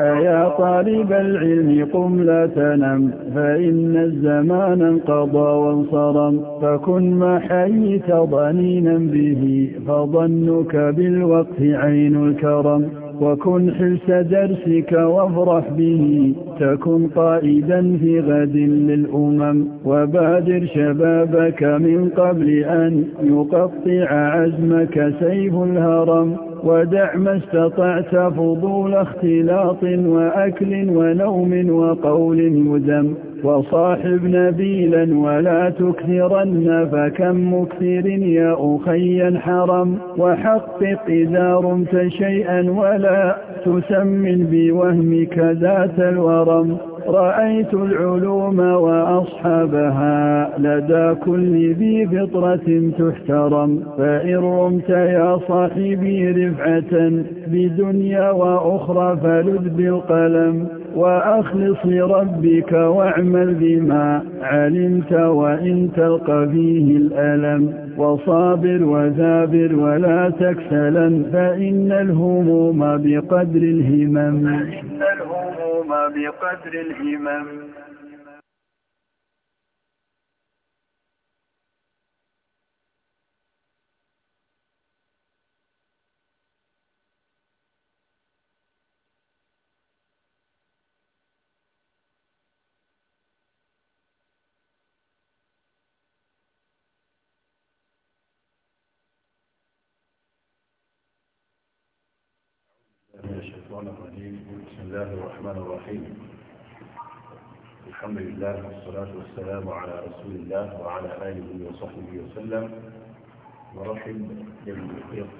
أيا طالب العلم قم لا تنم فإن الزمان انقضى وانصرم فكن ما حييت ضنينا به فظنك بالوقت عين الكرم وكن حلس درسك وافرح به تكن قائدا في غد للأمم وبادر شبابك من قبل أن يقطع عزمك سيف الهرم ودع ما استطعت فضول اختلاط وأكل ونوم وقول مذم وصاحب نبيلا ولا تكثرن فكم مكثر يا أخي حرم وحقق إذا رمت شيئا ولا تسمن بوهمك ذات الورم رأيت العلوم وأصحابها لدى كل ذي فطرة تحترم فإن رمت يا صاحبي رفعة بدنيا وأخرى فلذ بالقلم وأخلص لربك واعمل بما علمت وإن تلقى فيه الألم وصابر وذابر ولا تكسلا فإن الهموم بقدر الهمم فإن الهموم بقدر الهمم الشيطان الرجيم بسم الله الرحمن الرحيم الحمد لله والصلاة والسلام على رسول الله وعلى آله وصحبه وسلم نرحب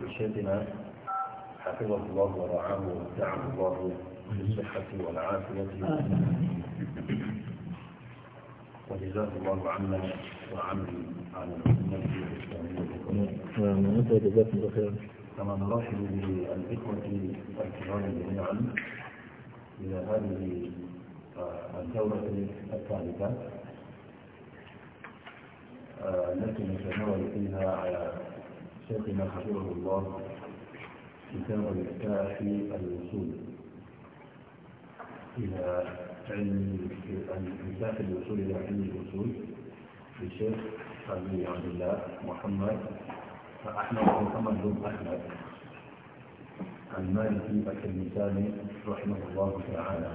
بشيخنا حفظه الله ورعاه ودعم الله بالصحة والعافية وجزاه الله عنا وعن عن الأمة الإسلامية. نعم، أنت جزاكم الله خير. كما نرحب بالإخوة الكرام جميعا إلى هذه آه، الدورة الثالثة التي آه، نتناول فيها على شيخنا حفظه الله كتاب الإفتاء في الوصول إلى علم الإفتاء في الوصول إلى علم الوصول للشيخ عبد الله محمد فأحمد محمد بن أحمد المالكي الكلمتاني رحمه الله تعالى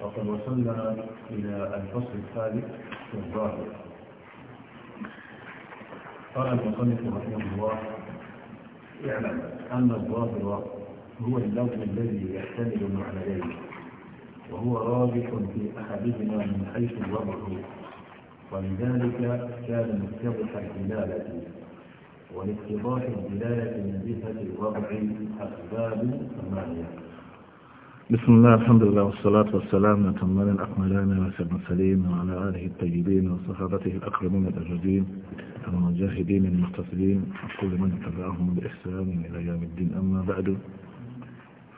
وقد وصلنا إلى الفصل الثالث في الظاهر قال المصنف رحمه الله اعلم أن الظاهر هو اللفظ الذي يحتمل معنيين وهو رابط في أحدهما من حيث الوضع ولذلك كان متضح الدلالة ولاتضاح الدلالة من جهة الوضع أسباب ثمانية بسم الله الحمد لله والصلاة والسلام نتمان الأكملان وسلم المرسلين وعلى آله الطيبين وصحابته الأكرمين الأجودين المجاهدين المقتصدين وكل من تبعهم بإحسان إلى يوم الدين أما بعد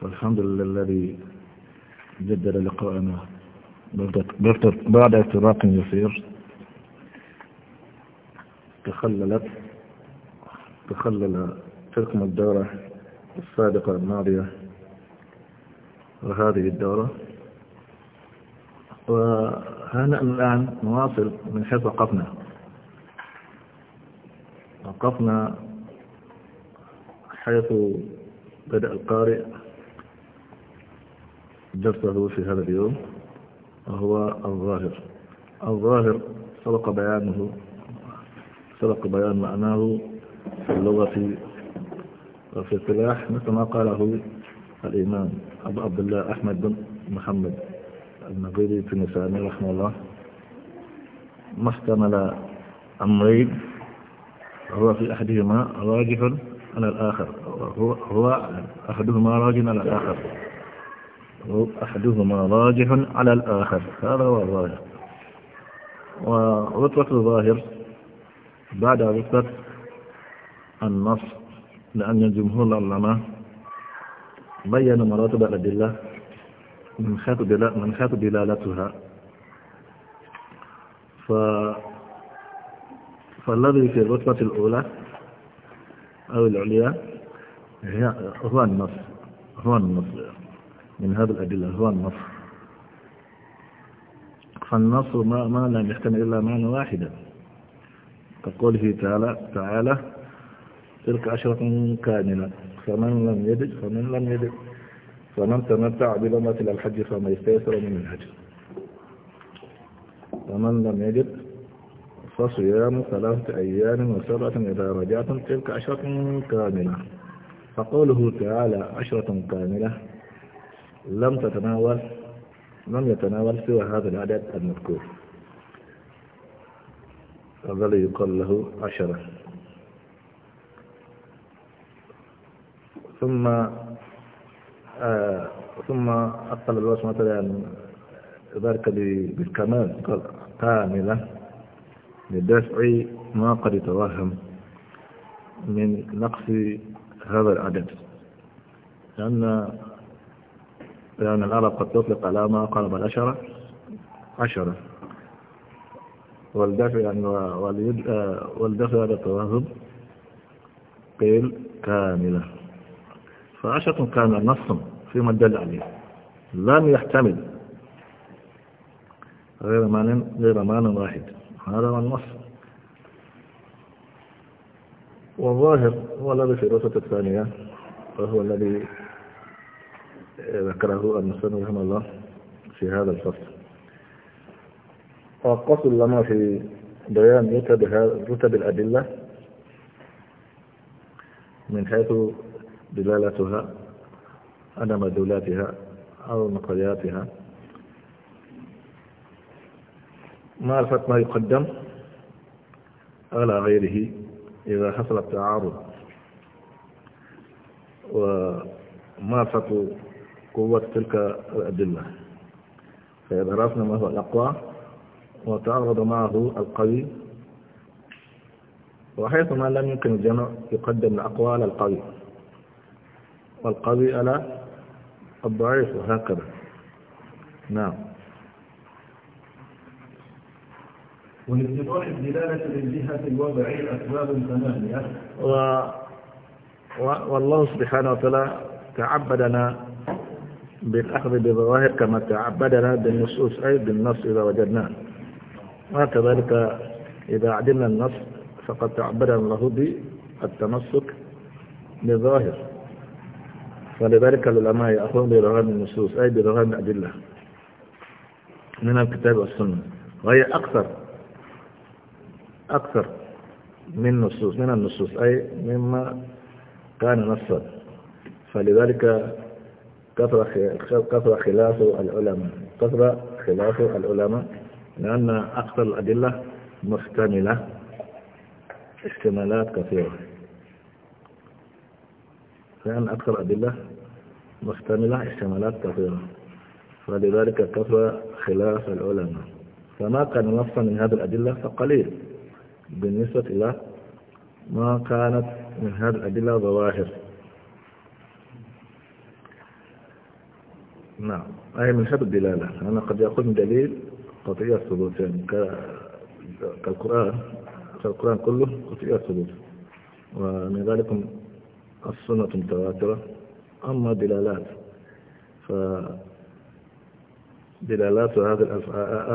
فالحمد لله الذي جدد لقاءنا بعد اعتراق يسير تخللت تخلل حكم الدورة السابقة الماضية وهذه الدورة وهنا الآن نواصل من حيث وقفنا وقفنا حيث بدأ القارئ درسه في هذا اليوم وهو الظاهر الظاهر سبق بيانه سبق بيان معناه في اللغة في وفي السلاح مثل ما قاله الإمام أبو عبد الله أحمد بن محمد النظيري في نساني رحمه الله ما احتمل أمرين هو في أحدهما راجح على الآخر هو, هو أحدهما راجح على الآخر هو أحدهما راجح على الآخر هذا هو الراجح ورتبة الظاهر بعد رتبة النص لأن جمهور العلماء بينوا مراتب الأدلة من حيث من حيث دلالتها ف فالذي في الرتبة الأولى أو العليا هو النص هو النص من هذه الأدلة هو النص فالنص ما, ما لم يحتمل إلا معنى واحدا كقوله تعالى تعالى تلك عشرة كاملة فمن لم يجد فمن لم يجد فمن تمتع بلمة إلى الحج فما يستيسر من الحج فمن لم يجد فصيام ثلاثة أيام وسبعة إذا رجعتم تلك عشرة كاملة فقوله تعالى عشرة كاملة لم تتناول لم يتناول سوى هذا العدد المذكور هذا يقال له عشرة ثم آه ثم أقل الله سبحانه وتعالى ذلك بالكمال قال كاملة لدفع ما قد يتوهم من نقص هذا العدد لأن لأن العرب قد تطلق على ما قرب العشرة عشرة والدافع يعني آه، والدافع هذا التواهب قيل كاملة فعشرة كاملة نص فيما دل عليه لم يحتمل غير معنى غير معنى واحد هذا هو النص والظاهر هو الذي في الرسالة الثانية وهو الذي ذكره المسلم رحمه الله في هذا الفصل فالقصد لنا في بيان رتب رتب الأدلة من حيث دلالتها عدم دلالتها أو مقرياتها معرفة ما يقدم على غيره إذا حصل التعارض عرفت قوة تلك الأدلة فإذا عرفنا ما هو الأقوى وتعارض معه القوي وحيثما لم يمكن الجمع يقدم الأقوال القوي والقوي على الضعيف وهكذا نعم ولاتضاح الدلالة للجهة الوضعية أسباب ثمانية و... و... والله سبحانه وتعالى تعبدنا بالأخذ بالظواهر كما تعبدنا بالنصوص أي بالنص إذا وجدناه وكذلك إذا عدلنا النص فقد تعبر الله بالتمسك بظاهر فلذلك العلماء يأخذون برهان النصوص أي برهان الأدلة من الكتاب والسنة وهي أكثر أكثر من النصوص من النصوص أي مما كان نصا فلذلك كثر كثر خلاف العلماء كثر خلاف العلماء لأن أكثر الأدلة محتملة احتمالات كثيرة لأن أكثر الأدلة محتملة احتمالات كثيرة فلذلك كثر خلاف العلماء فما كان نصا من هذه الأدلة فقليل بالنسبة إلى ما كانت من هذه الأدلة ظواهر نعم أي من حيث الدلالة أنا قد يكون دليل قطعية الثبوت يعني كالقرآن كالقرآن كله قطعية الثبوت ومن ذلك السنة متواترة أما دلالات ف دلالات هذه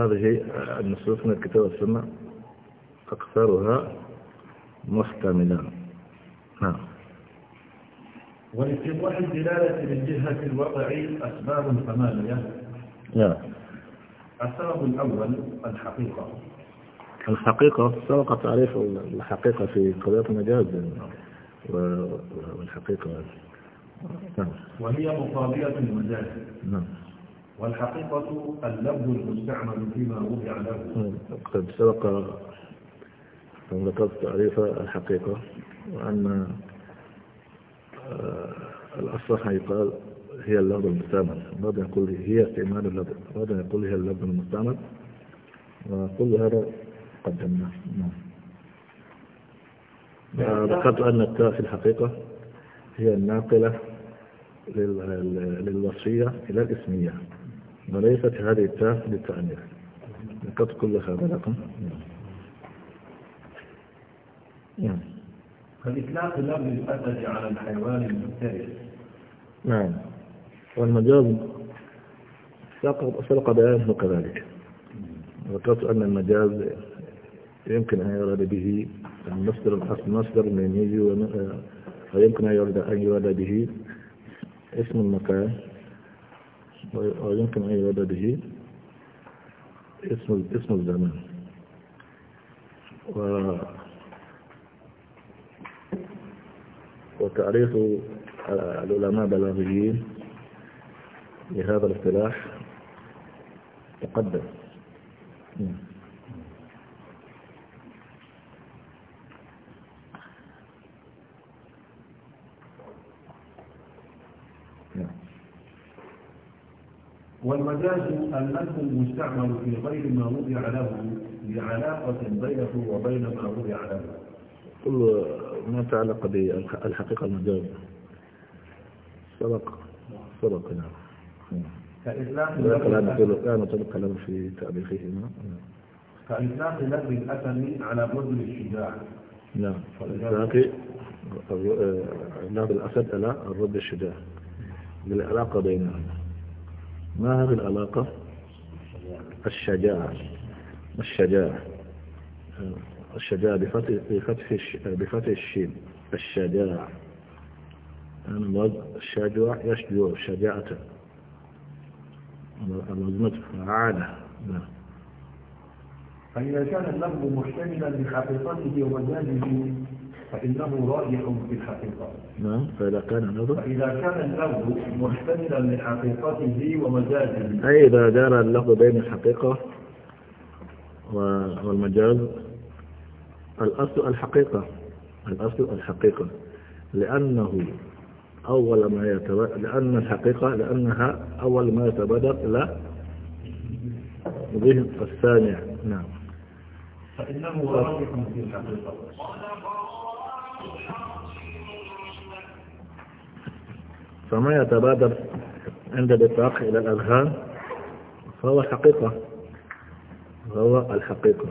هذه النصوص من الكتاب والسنة أكثرها محتملة نعم ولاتضاح الدلالة من جهة الوضع أسباب ثمانية نعم السبب الأول الحقيقة الحقيقة سبق تعريف الحقيقة في قضية المجاز والحقيقة نعم وهي مقابلة المجاز نعم والحقيقة اللفظ المستعمل فيما وضع له نعم. قد سبق ذكرت تعريف الحقيقة وأن آه، الأصلح يقال هي اللفظ المستعمل بعض يقول هي استعمال اللفظ بعض يقول هي اللفظ المستعمل وكل هذا قدمناه نعم ذكرت أن التاء في الحقيقة هي الناقلة للوصيه إلى الإسمية وليست هذه التاء للتأنيث ذكرت كل هذا لكم نعم فالإطلاق لفظ الأسد على الحيوان المفترس نعم والمجاز سبق بيانه كذلك ذكرت أن المجاز يمكن أن يراد به المصدر الأصل مصدر من يجي ويمكن آه، أن يراد أن يراد به اسم المكان ويمكن أن يراد به اسم اسم الزمان و وتعريف العلماء بلاغيين لهذا الاصطلاح تقدم والمجاز الملك المستعمل في غير ما وضع له لعلاقة بينه وبين ما وضع له كل ما تعلق بالحقيقة المجاز سبق سبق نعم كإطلاق لفظ الكلام في تأريخهما كإطلاق لفظ الأثم على مدن الشجاع نعم باقي علاج الأسد على الرب الشجاع للعلاقة بينهما ما هذه العلاقة الشجاعة الشجاعة الشجاعة بفتح بفتح الشين الشجاعة يعني الشجاع يشجع شجاعة الوزنة فعالة نعم. فإذا كان اللفظ محتملا لحقيقته ومزاجه فإنه راجح الحقيقة نعم فإذا كان اللفظ فإذا كان اللفظ محتملا لحقيقته ومزاجه أي إذا دار اللفظ بين الحقيقة والمجاز الأصل الحقيقة الأصل الحقيقة لأنه أول ما يتبدأ لأن الحقيقة لأنها أول ما يتبدأ إلى بهم الثانية نعم فإنه راجح طيب. في الحقيقة فما يتبادر عند الإطلاق إلى الأذهان فهو حقيقة فهو الحقيقة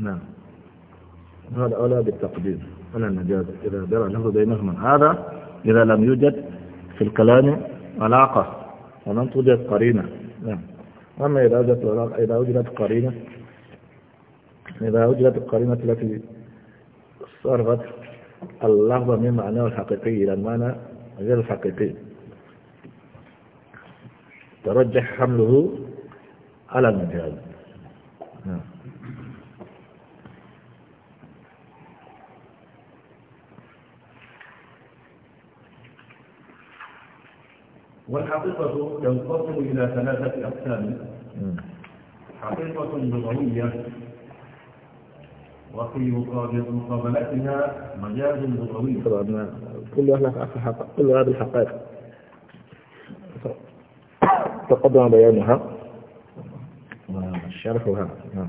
نعم هذا أولى بالتقديم أنا النجاز إذا درى له بينهما هذا إذا لم يوجد في الكلام علاقة ولم توجد قرينة نعم أما إذا وجدت إذا وجدت قرينة إذا وجدت القرينة التي صرفت اللفظ من معناه الحقيقي إلى المعنى غير الحقيقي ترجح حمله على المجال والحقيقة ينقسم إلى ثلاثة أقسام حقيقة لغوية وفي مقابلتها مجاز لغوي طبعا كل هذا كل هذه الحقائق تقدم بيانها وشرحها نعم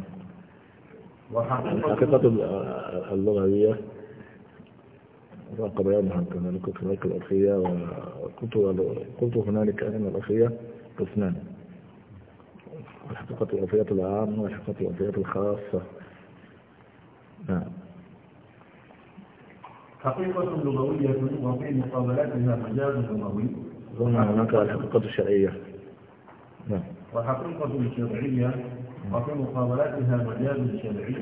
وحقيقة اللغوية وقبيانها كذلك كذلك الأخية وكنت قلت هنالك أن الأخية قسمان الحقيقة الأخية العامة والحقيقة الأخية الخاصة نعم حقيقة لغوية وفي مقابلاتها مجاز لغوي ظن نعم، هناك الحقيقة الشرعية نعم وحقيقة شرعية وفي مقابلاتها مجاز شرعي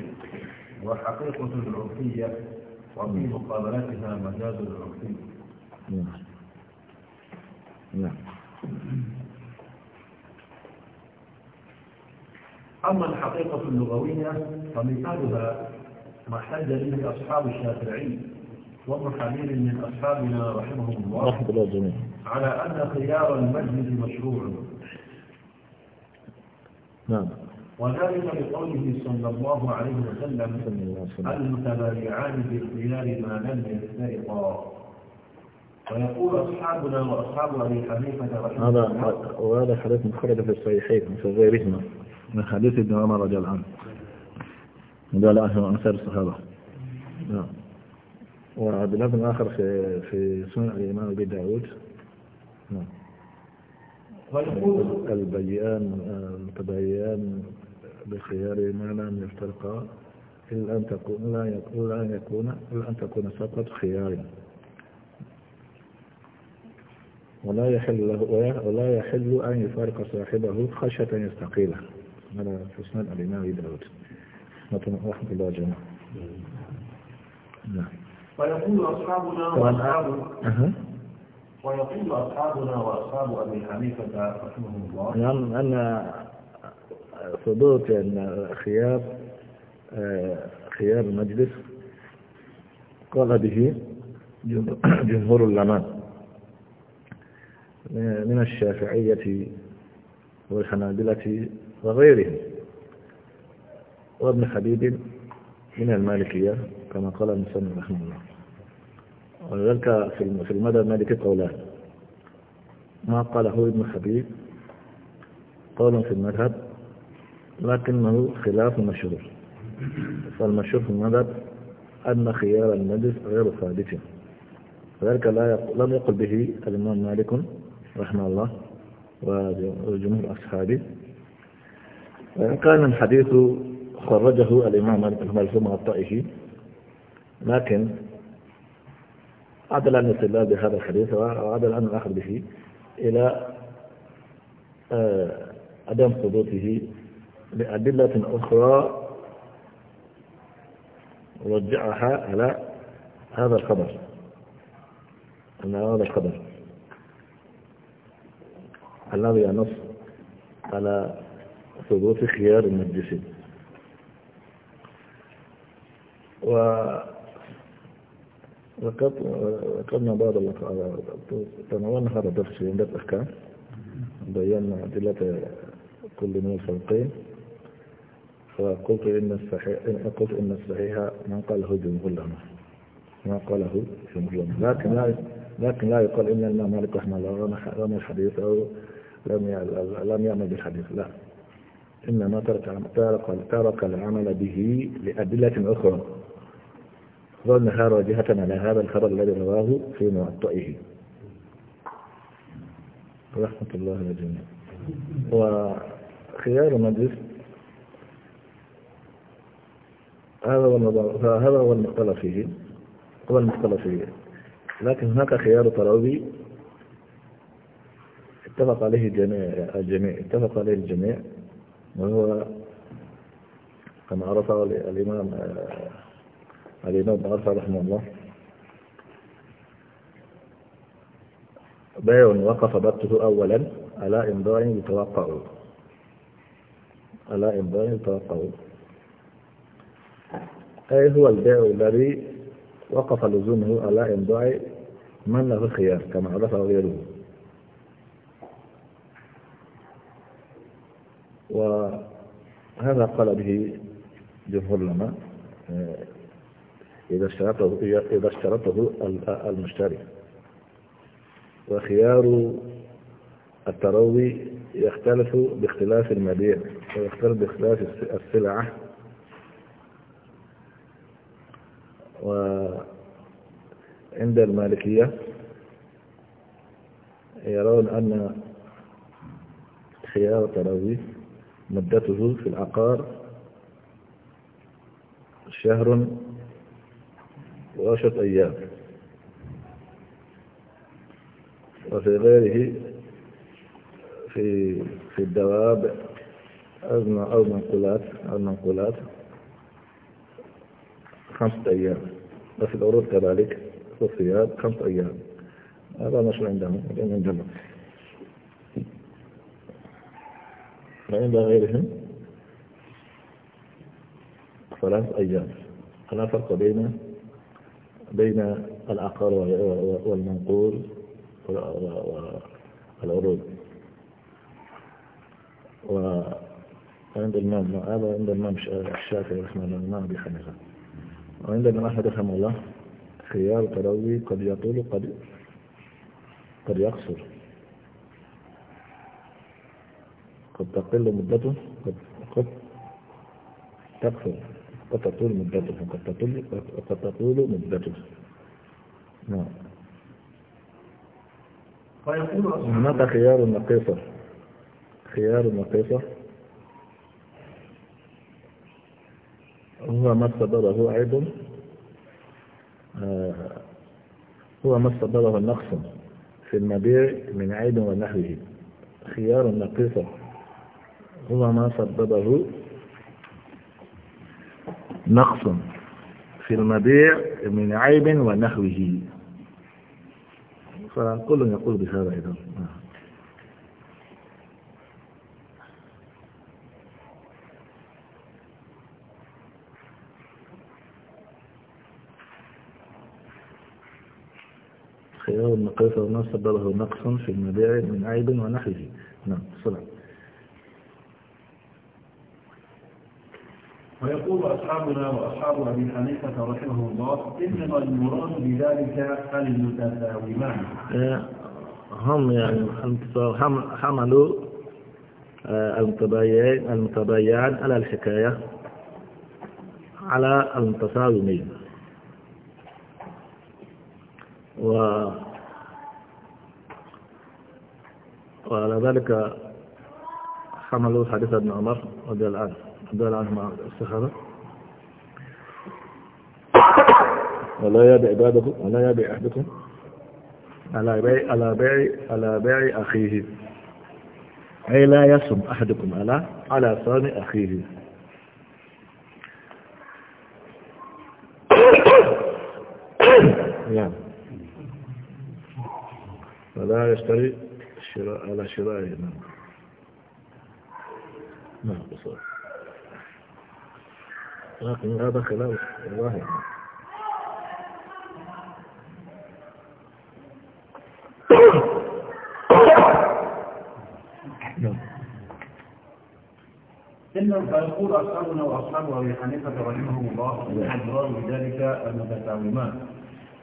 وحقيقة العرفية وفي مقابلتها مجاز عرفي نعم أما الحقيقة اللغوية فمثالها ما احتج إليه أصحاب الشافعي وابن حبيب من أصحابنا رحمهم الله رحمه الله جميعا على أن خيار المجلس مشروع نعم وذلك بقوله صلى الله عليه وسلم المتبايعان باختيار ما لم يفترقا ويقول أصحابنا وأصحاب أبي حنيفة رحمه الله وهذا حديث مخرج في الصحيحين في غيرهما من حديث ابن عمر رضي الله عنه قال أهل أنصار الصحابة نعم بن آخر في في سنن الإمام أبي داود نعم ويقول البيان المتبيان بخيار ما لم يفترقا إلا أن تكون لا يكون لا يكون إلا أن تكون فقط خيارا ولا يحل له ولا يحل أن يفارق صاحبه خشية أن يستقيله هذا حسن سنن الإمام أبي داود رحمة الله جميعا نعم ويقول أصحابنا وأصحاب ويقول أصحابنا وأصحاب أبي حنيفة رحمهم الله يعني أن صدوت أن خيار خيار المجلس قال به جمهور العلماء من الشافعية والحنابلة وغيرهم وابن حبيب من المالكية كما قال المسلم رحمه الله ولذلك في المدى المالكي قولان ما قاله ابن حبيب قول في المذهب لكنه خلاف مشروع فالمشروع في المذهب أن خيار المجلس غير ثابت ذلك لا يقل لم يقل به الإمام مالك رحمه الله وجمهور أصحابه وإن كان الحديث خرجه الإمام مالك رحمه الطائفي لكن عدل عن الاستدلال بهذا الحديث وعدل عن الأخذ به إلى آه، عدم ثبوته لأدلة أخرى رجعها على هذا الخبر أن هذا الخبر الذي ينص على ثبوت خيار المجلسين و وقد وقدنا بعض تناولنا هذا الدرس في عند الأحكام بينا أدلة كل من الفرقين فقلت إن الصحيح قلت إن الصحيح من قاله جمهور العلماء ما قاله جمهور العلماء لكن لا لكن لا يقال إن الإمام مالك رحمه الله رمى الحديث أو لم لم يعمل بالحديث لا إنما ترك ترك ترك العمل به لأدلة أخرى ظنها راجحة على هذا الخبر الذي رواه في موطئه رحمة الله للجميع وخيار المجلس هذا هو فهذا هو المختلف فيه هو المختلف فيه لكن هناك خيار تراوي اتفق عليه الجميع الجميع اتفق عليه الجميع وهو كما عرفه الإمام الإمام ابن عرفة رحمه الله بيع وقف ضبطه أولا على إمضاء يتوقع على إمضاء يتوقعوا أي هو البيع الذي وقف لزومه على إمضاء من له الخيار كما عرفه غيره وهذا قال به جمهور العلماء إذا اشترطه إذا اشترطه المشتري وخيار التروي يختلف باختلاف المبيع ويختلف باختلاف السلعة وعند المالكية يرون أن خيار التراويح مدته في العقار شهر وعشرة أيام وفي غيره في في الدواب أو المنقولات أو المنقولات خمسة أيام وفي العروض كذلك في الصياد خمسة أيام هذا مشروع عندهم عندنا وعند غيرهم ثلاث أيام فلا فرق بين بين العقار والمنقول والعروض وعند الإمام هذا عند الإمام الشافعي رحمه الله ما أبي وعند الإمام أحمد رحمه الله خيار تروي قد يطول قد قد يقصر قد تقل مدته قد قد تقصر قد تطول مدته قد تطول قد تطول مدته نعم هناك خيار نقيصة خيار نقيصة هو ما استدره أيضا آه، هو ما استدره النقص في المبيع من عيب ونحوه خيار نقيصة هو ما سببه نقص في المبيع من عيب ونحوه فكل يقول بهذا أيضا فيرى أن قيثر سببه نقص في المبيع من عيب ونحوه نعم صلى ويقول أصحابنا وأصحاب أبي حنيفة رحمه الله إنما المراد بذلك المتساومان آه، هم يعني حملوا آه، المتبايعين المتبايعان على الحكاية على المتساومين و وعلى ذلك حملوا حديث ابن عمر رضي الله عنه رضي الله عنهما الصحابة ولا يبيع عبادكم ولا يبيع أحدكم على بيع على بيع على بيع أخيه أي لا يصم أحدكم على على صوم أخيه فلا يشتري الشراء على شرائه نعم نعم بصور لكن هذا كلام الله إنهم فيقول أصحابنا وأصحاب أبي حنيفة رحمهم الله أن أضرار ذلك المتساومان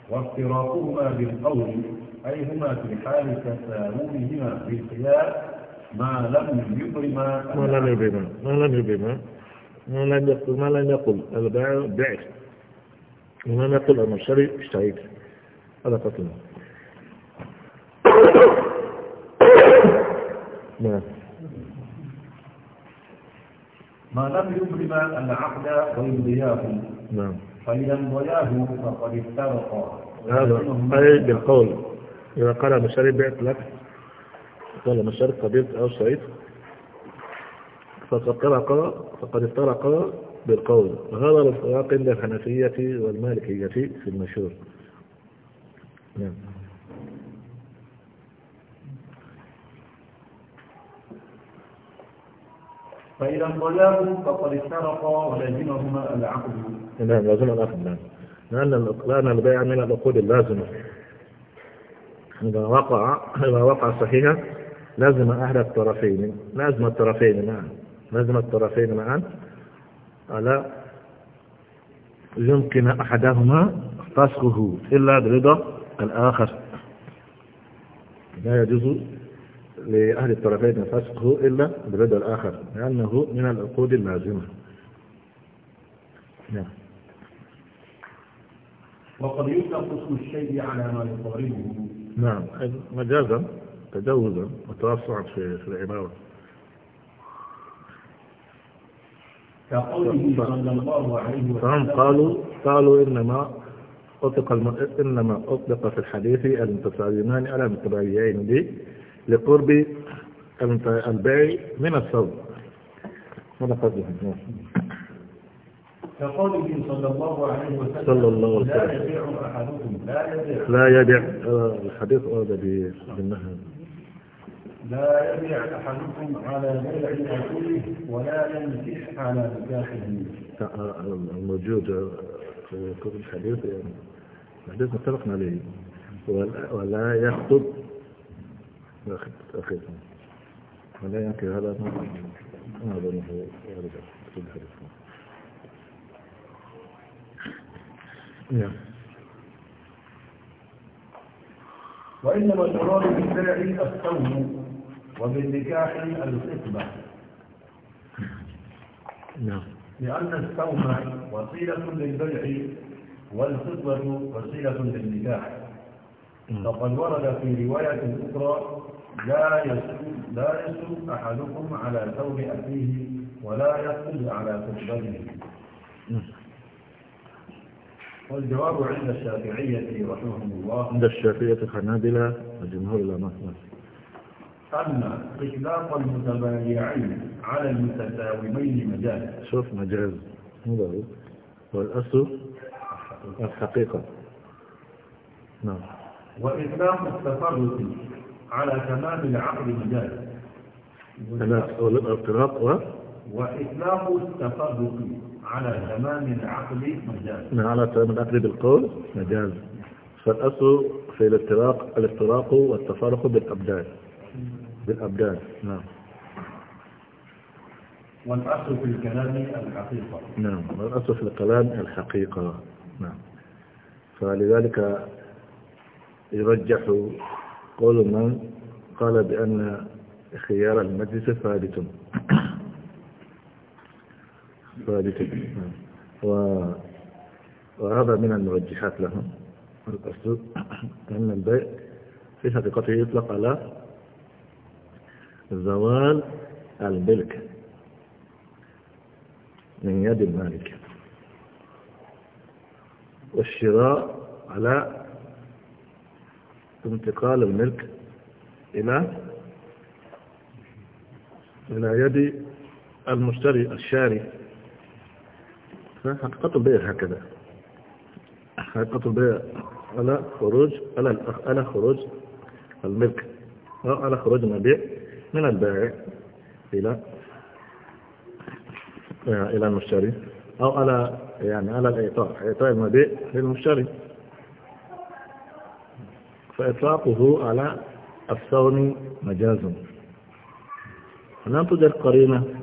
وافتراقهما بالقول أي هما في حال تساومهما بالقياس ما لم يبرما ما لم يبرما ما لم يبرما ما لم يقل ما لم يقل البائع بعت ما لم يقل المشتري اشتريت هذا قتل نعم ما لم يبرم العقد ويمضياه نعم فإذا انضياه فقد افترقا هذا أي بالقول إذا قال مشاريب بعت لك قال مشاريب قبلت أو سعيد فقد طرق فقد افترق بالقول هذا الفراق عند الحنفية والمالكية في المشهور نعم فإذا طلبوا فقد اشترق ولازمهما العقد نعم لازم العقد نعم لأن البيع من العقود اللازمة إذا وقع إذا وقع صحيحا لازم أحد الطرفين لازم الطرفين معا لازم الطرفين معا ألا يمكن أحدهما فسخه إلا برضا الآخر لا يجوز لأهل الطرفين فسخه إلا برضا الآخر لأنه من العقود اللازمة نعم وقد يطلق اسم الشيء على ما يقاربه نعم مجازا تجوزا وتوسعا في في العبارة كقوله صلى الله عليه وسلم فهم نعم، قالوا قالوا إنما أطلق الم... إنما أطلق في الحديث الانتصاريان على المتبايعين به لقرب البيع من الصوم هذا قبلهم نعم. كقوله صلى الله عليه وسلم صلى الله عليه وسلم لا يبيع أحدكم لا يبيع لا يبيع آه، الحديث هذا بالنهي لا يبيع أحدكم على بيع أخيه ولا ينكح على نكاحه آه، الموجود آه، في كتب الحديث يعني الحديث اتفقنا عليه ولا يخطب أخيه ولا ينكح هذا ما هذا ما هو الحديث نعم وإنما المراد بالبيع الثوم وبالنكاح الخطبة نعم لأن الثوم وسيلة للبيع والخطبة وسيلة للنكاح نعم. فقد ورد في رواية أخرى لا يسوم لا يسوم أحدكم على ثوب أخيه ولا يقبل على خطبته نعم. والجواب عند الشافعية رحمهم الله عند الشافعية الحنابلة وجمهور الأمة أن إطلاق المتبايعين على المتساومين مجاز شوف مجاز والأصل الحقيقة نعم وإطلاق التفرد على تمام العقد مجاز على اطلاق وإطلاق التفرق على تمام العقل مجاز نعم، على تمام العقل بالقول مجاز فالأصل في الافتراق الافتراق والتفرق بالأبدان بالأبدان نعم والأصل في الكلام الحقيقة نعم والأصل في الكلام الحقيقة نعم فلذلك يرجح قول من قال بأن خيار المجلس ثابت ثابتين نعم. و... وهذا من المرجحات لهم الأسلوب أن البيع في حقيقته يطلق على زوال الملك من يد المالك والشراء على انتقال الملك إلى إلى يد المشتري الشاري حقيقة البيع هكذا حقيقة البيع على خروج على على خروج الملك أو على خروج المبيع من البائع إلى إلى المشتري أو على يعني على الإعطاء إعطاء المبيع للمشتري فإطلاقه على الثون مجاز لم توجد قرينة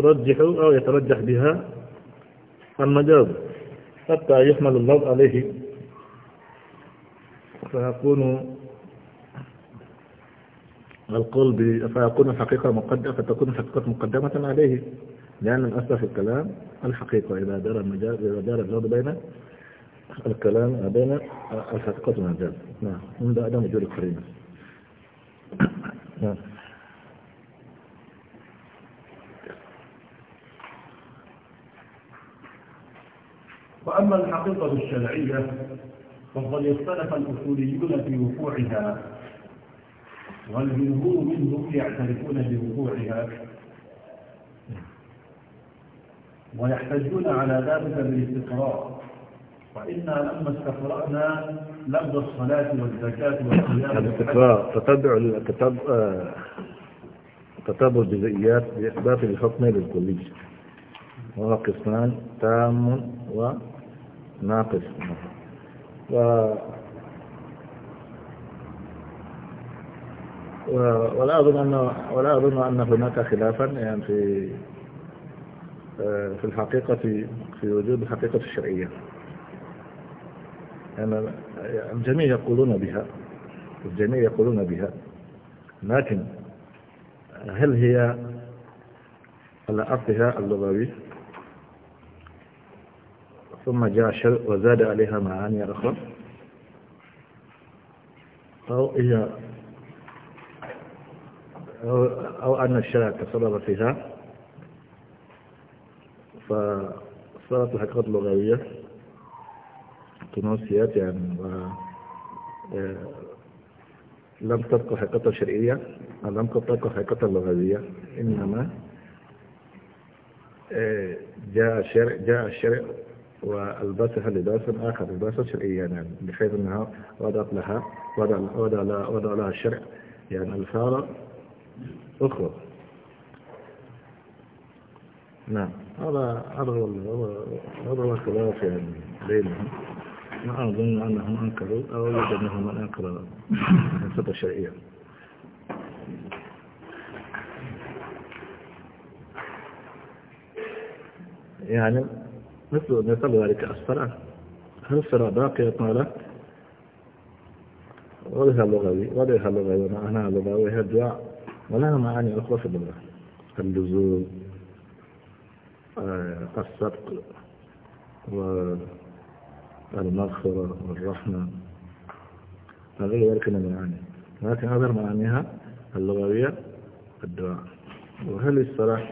ترجح أو يترجح بها المجاز حتى يحمل اللفظ عليه فيكون القول فيكون الحقيقة مقدمة فتكون الحقيقة مقدمة عليه لأن من أسلف الكلام الحقيقة إذا دار المجاز إذا دار الجواب بين الكلام بين الحقيقة والمجاز نعم من بعد مجال الكريم نعم وأما الحقيقة الشرعية فقد اختلف الأصوليون في وقوعها والجمهور منهم يعترفون بوقوعها ويحتجون على ذلك بالاستقراء وإنا لما استقرأنا لفظ الصلاة والزكاة والصيام الاستقراء تتبع تتبع الجزئيات بإثبات الحكم للكلية وهو قسمان تام و ناقص و... ولا أظن أن ولا أظن أن هناك خلافا يعني في آه، في الحقيقة في, في وجود الحقيقة الشرعية يعني الجميع يقولون بها الجميع يقولون بها لكن هل هي على أصلها اللغوي ثم جاء شر وزاد عليها معاني أخرى أو إذا أو, أو أن الشرع تسبب فيها فصارت الحقيقة اللغوية تنوسيات يعني و آه، لم تبقى حقيقة شرعية لم تبقى حقيقة لغوية إنما آه، جاء الشرع جاء الشرع وألبسها لباسا آخر لباسا شرعيا يعني بحيث أنها وضعت لها وضع, وضع, لها وضع لها الشرع يعني ألفارة أخرى نعم هذا هذا هذا هو الخلاف يعني بينهم ما أظن أنهم أنكروا أو يوجد أنهم من أنكر الفترة الشرعية يعني مثل مثل ذلك الصلاة هل الصلاة باقية طالة ولها لغوي ولها لغوي ومعناها لغوي هي الدعاء ولها معاني أخرى في اللغة اللزوم آه الصدق والمغفرة والرحمة هذه ذلك المعاني لكن هذا معانيها اللغوية الدعاء وهل الصلاة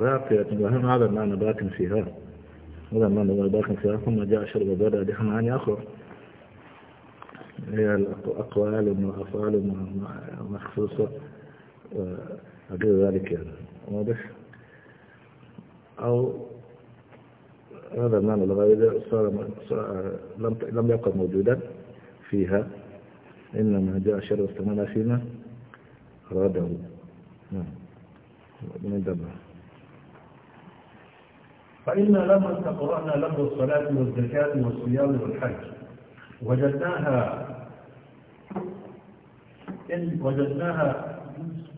باقية وهل هذا المعنى باق فيها هذا ما نقول باكم فيها ثم جاء شرب برد أحدهم معاني اخرى هي الأقوال والأفعال مخصوصة وغير ذلك يعني واضح أو هذا المعنى الغير صار لم لم يبقى موجودا فيها إنما جاء شر واستمر فيما أراده نعم. من دبر فإنا لما استقرأنا لفظ الصلاة والزكاة والصيام والحج وجدناها إن وجدناها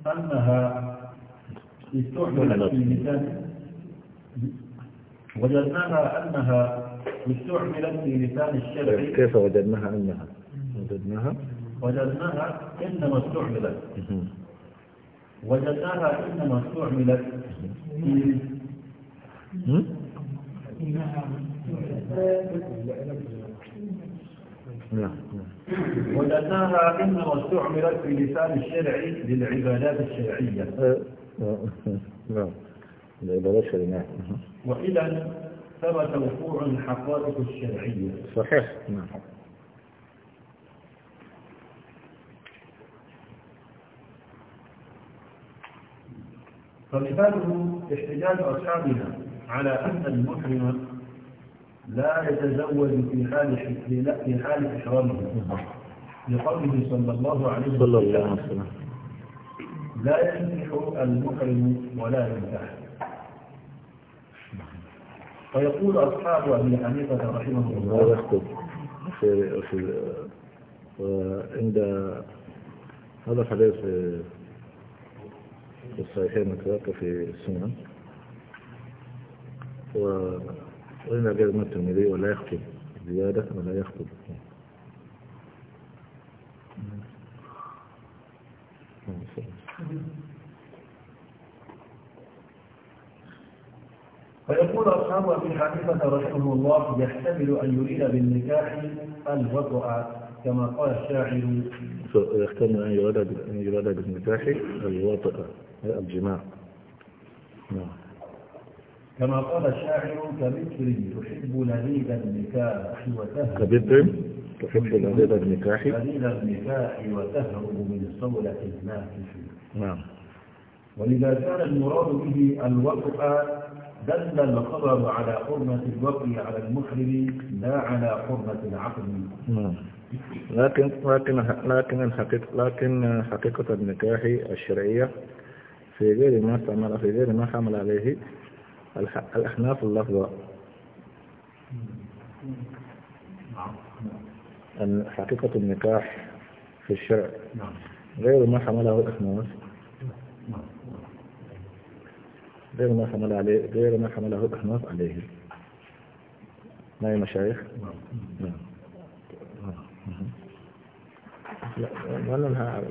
أنها استعملت في لسان وجدناها أنها استعملت في لسان الشرع كيف وجدناها أنها وجدناها وجدناها إنما استعملت وجدناها إنما استعملت ولأنها إنما استعملت في لسان الشرع للعبادات الشرعية نعم العبادات الشرعية وإذا ثبت وقوع الحقائق الشرعية صحيح نعم فمثاله احتجاج أصحابنا على أن المحرم لا يتزوج في حال في حال إحرامه لقوله صلى الله عليه وسلم صلى الله عليه وسلم لا ينكح المحرم ولا ينكح فيقول أصحاب أبي حنيفة رحمه الله هذا يخطب في في عند هذا الحديث في الصحيحين متوقف في السنن وإن جاز من الترمذي ولا يخطب زيادة ولا يخطب فيقول أصحاب أبي حنيفة رحمه الله يحتمل أن يريد بالنكاح الوضع كما قال الشاعر يحتمل أن يريد بالنكاح الوضع الجماع نعم كما قال الشاعر كبتر تحب لذيذ النكاح وتهرب كبتر تحب لذيذ النكاح لذيذ النكاح وتهرب من صولة الناكح نعم ولذا كان المراد به الوقع دل الخبر على حرمة الوقع على المحرم لا على حرمة العقل نعم لكن لكن لكن الحقيقة لكن حقيقة النكاح الشرعية في غير ما استعمل في غير ما حمل عليه الأحناف اللفظة أن حقيقة النكاح في الشرع غير ما حمله الأحناف غير ما حمل عليه غير ما حمله الأحناف عليه ما يا مشايخ؟ نعم لا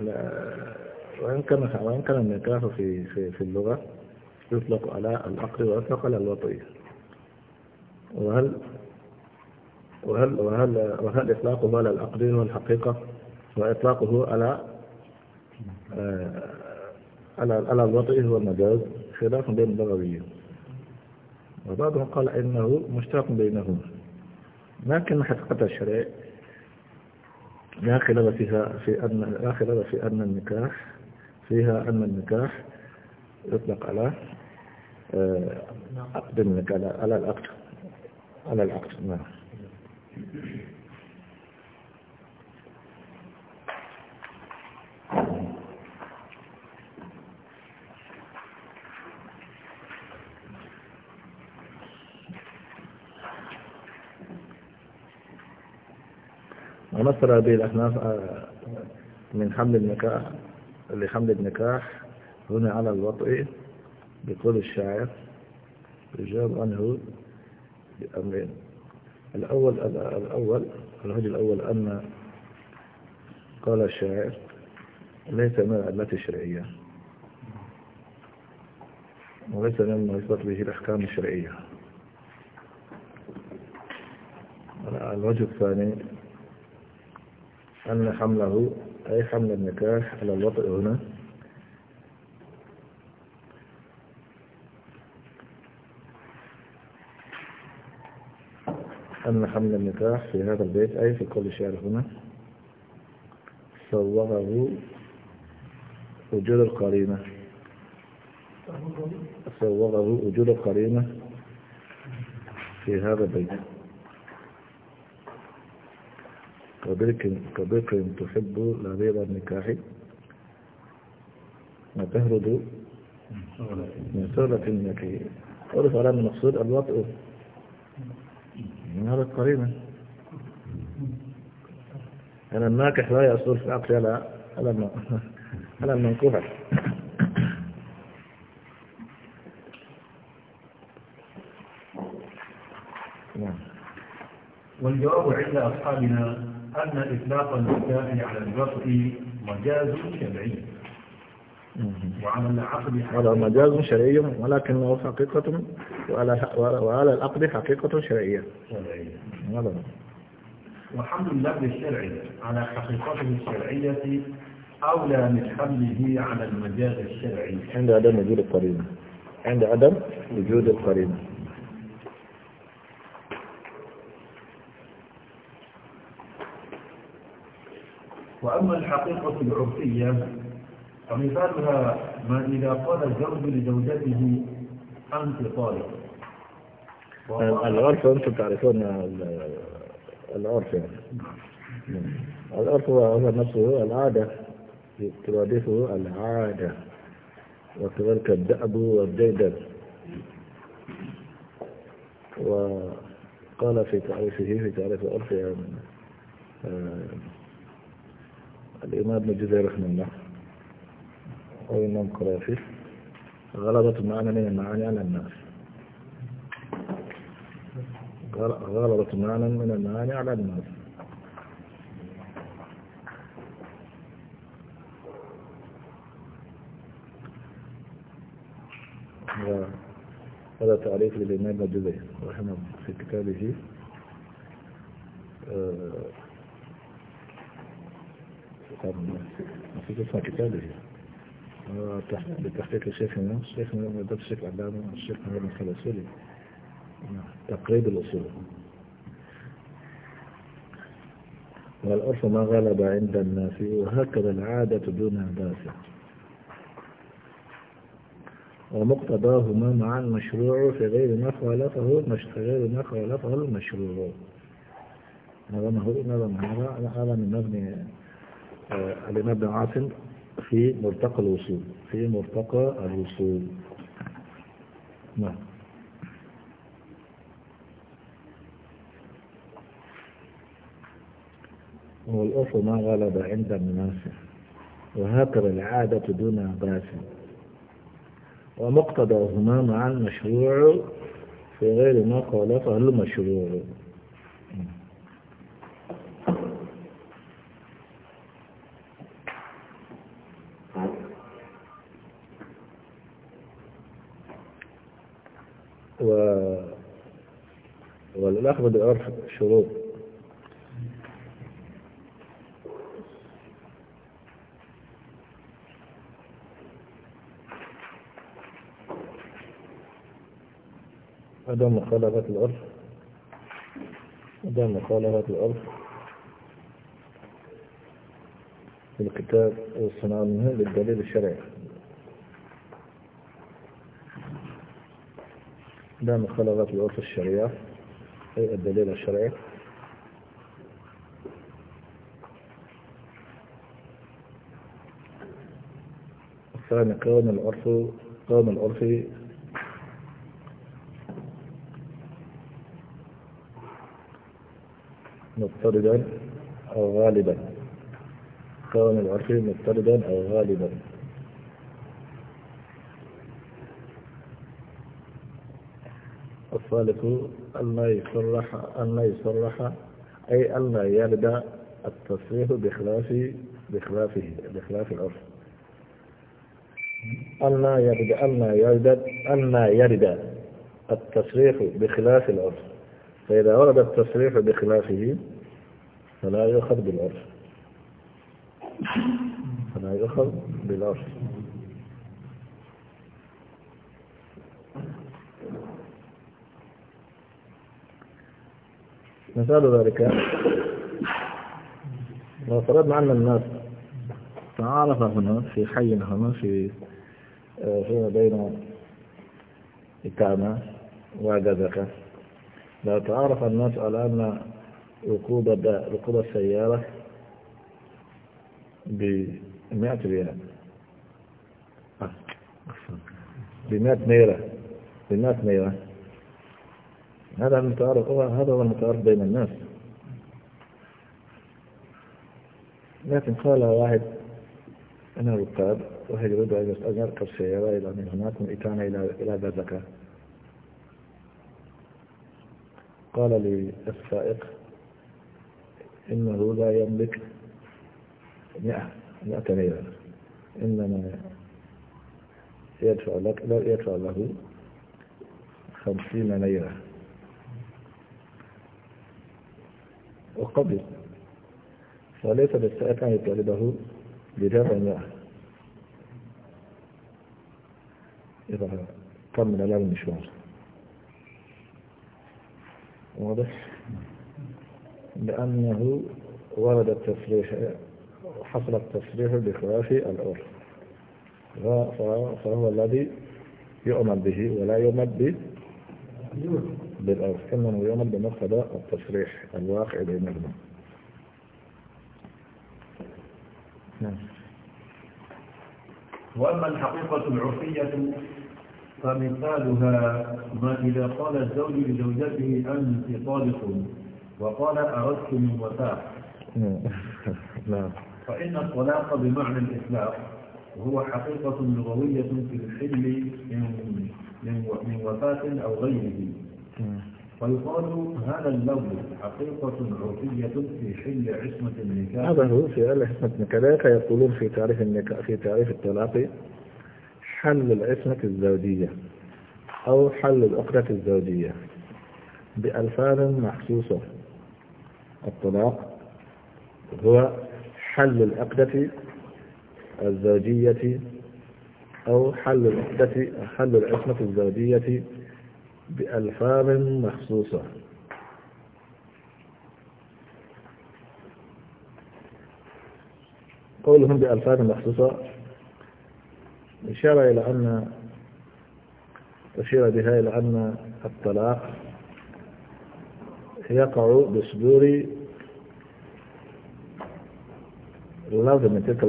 وإن كان وإن كان النكاح في في في اللغة يطلق على العقل ويطلق على الوطي وهل وهل وهل وهل إطلاقه على العقل والحقيقة وإطلاقه على آه، على على الوطئ هو المجاز خلاف بين اللغويين وبعضهم قال إنه مشتاق بينهما لكن حقيقة الشرع لا خلاف فيها في أن لا خلاف في أن النكاح فيها أن النكاح يطلق على أقدم منك على العقد على العقد نعم ومثل به الأحناف آه، من حمل النكاح لحمل النكاح هنا على الوطئ بقول الشاعر يجاب عنه بأمرين الأول الأول الوجه الأول أن قال الشاعر ليس من التي الشرعية وليس ما يثبت به الأحكام الشرعية الوجه الثاني أن حمله أي حمل النكاح على الوطء هنا أن حمل النكاح في هذا البيت أي في كل شعر هنا صوره وجود القرينة صوره وجود القرينة في هذا البيت كبرك تحب لغير النكاح تهرد من سهلة النكاح أرث على المقصود الوطء نهارك قريبا أنا الناكح لا يصدر في عقلي على على المنكوحة نعم. والجواب عند أصحابنا أن إطلاق النكاح على الوقت مجاز شرعي وعلى العقد هذا مجاز شرعي ولكنه حقيقة وعلى, وعلى العقد حقيقة شرعية شرعية وحمل اللفظ الشرعي على حقيقته الشرعية أولى من حمله على المجاز الشرعي عند عدم وجود القرينة عند عدم وجود القرينة وأما الحقيقة العرفية ومثالها ما إذا قال الزوج لزوجته أنت طالق العرف أنتم تعرفون العرف يعني العرف هو نفسه العادة ترادفه العادة وكذلك الدأب والديدب وقال في تعريفه في تعريف العرف يعني آه، الإمام ابن جزير رحمه الله أو إمام خرافي غلبت معنى من المعاني على الناس غلبت معنى من المعاني على الناس هذا تعريف للإمام الجزائري رحمه الله في كتابه آه، في كتابه بتحقيق شيخنا شيخنا ده الشيخ علامة الشيخ محمد الخلاسلي تقريب الأصول والعرف ما غلب عند الناس وهكذا العادة دون عباسة ومقتضاهما مع المشروع في غير ما خالفه غير ما خالفه المشروع هذا ما هو هذا هذا من مبني آه، الإمام لمبنى عاصم في مرتقى الوصول في مرتقى الوصول نعم والأف ما غلب عند الناس وهكر العادة دون باس ومقتضاهما مع المشروع في غير ما فهل المشروع أحمد الأرحب شروط عدم مخالفة العرف عدم مخالفة العرف في الكتاب والصناعة منه للدليل الشرعي عدم مخالفة العرف الشريعة أي الدليل الشرعي الثاني كون العرف كون العرف مضطردا أو غالبا كون العرف مضطردا أو غالبا ان لا يصرح لا يصرح أي أن لا يرد التصريح بخلاف بخلافه بخلاف العرف أن يرد ألا يرد لا يرد التصريح بخلاف العرف فإذا ورد التصريح بخلافه فلا يؤخذ بالعرف فلا يؤخذ بالعرف مثال ذلك لو فرضنا أن الناس تعرف هنا في حي هنا في آه، فيما بين إتامة وجزكة لو تعارف الناس على أن ركوب ركوب السيارة ب 100 ريال آه، بمئة ليرة 100 ليرة هذا المتعارف هذا هو المتعارف بين الناس لكن قال واحد أنا ركاب واحد يريد أن يركب سيارة إلى من هناك من إلى إلى بازكا قال لي السائق إنه لا يملك مئة مئة ليرة إنما يدفع لك لا يدفع له خمسين ليرة وقبل فليس بالسائق أن يطالبه بجمع الماء إذا كمل له المشوار واضح لأنه ورد التصريح حصل التصريح بخلاف الأول فهو الذي يؤمن به ولا يؤمن به بالأرض كما ويعمل بمقتضى التصريح الواقع بينهما نعم وأما الحقيقة العرفية فمثالها ما إذا قال الزوج لزوجته أنت طالق وقال أردت من وفاء نعم. نعم. فإن الطلاق بمعنى الإطلاق هو حقيقة لغوية في الحلم من وفاة أو غيره ويقال هذا اللون حقيقة عرفية في حل عصمة النكاح هذا هو في حل عصمة النكاح يقولون في تعريف النكاح في تعريف الطلاق حل العصمة الزوجية أو حل العقدة الزوجية بألفاظ مخصوصة الطلاق هو حل العقدة الزوجية أو حل العقدة حل العصمة الزوجية بألفاظ مخصوصة قولهم بألفاظ مخصوصة إشارة إلى أن تشير بها إلى أن الطلاق يقع بصدور لفظ من تلك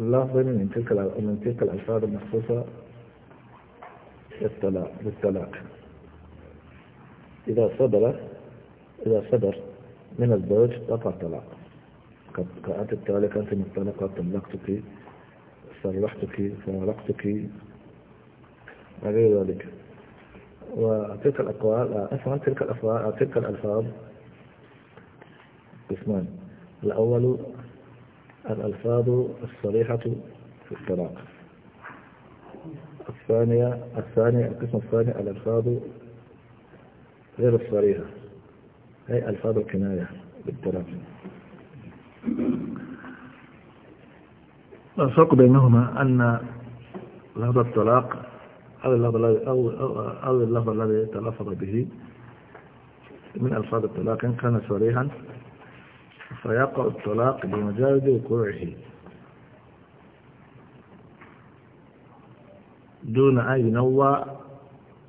لفظ من تلك من تلك الألفاظ المخصوصة للطلاق إذا صدر إذا صدر من الزوج قطع الطلاق قد قعدت ذلك أنت مطلقة طلقتك سرحتك فارقتك وغير ذلك وتلك الأقوال أفعل تلك الأفعال تلك الألفاظ قسمان الأول الألفاظ الصريحة في الطلاق الثانية الثانية القسم الثاني الألفاظ غير الصريحة هي ألفاظ الكناية بالتلفظ الفرق بينهما أن لفظ الطلاق أو اللفظ الذي أو أو اللفظ الذي تلفظ به من ألفاظ الطلاق إن كان صريحا فيقع الطلاق بمجرد وقوعه دون أن ينوى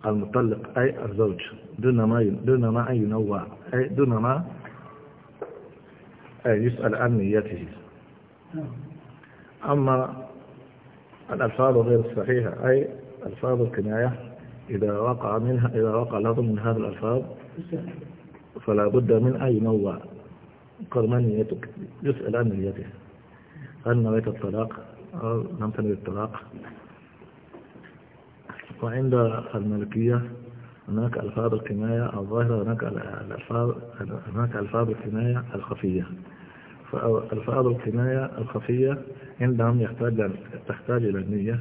المطلق أي الزوج دون ما دون ما أن ينوع دون ما يسأل عن نيته أما الألفاظ غير الصحيحة أي ألفاظ الكناية إذا وقع منها إذا وقع لفظ من هذه الألفاظ فلا بد من أن ينوع قال نيتك يسأل عن نيته هل نويت الطلاق أو لم تنوي الطلاق وعند الملكية هناك ألفاظ الكناية الظاهرة هناك الألفاظ هناك ألفاظ الكناية الخفية فألفاظ الكناية الخفية عندهم يحتاج تحتاج إلى النية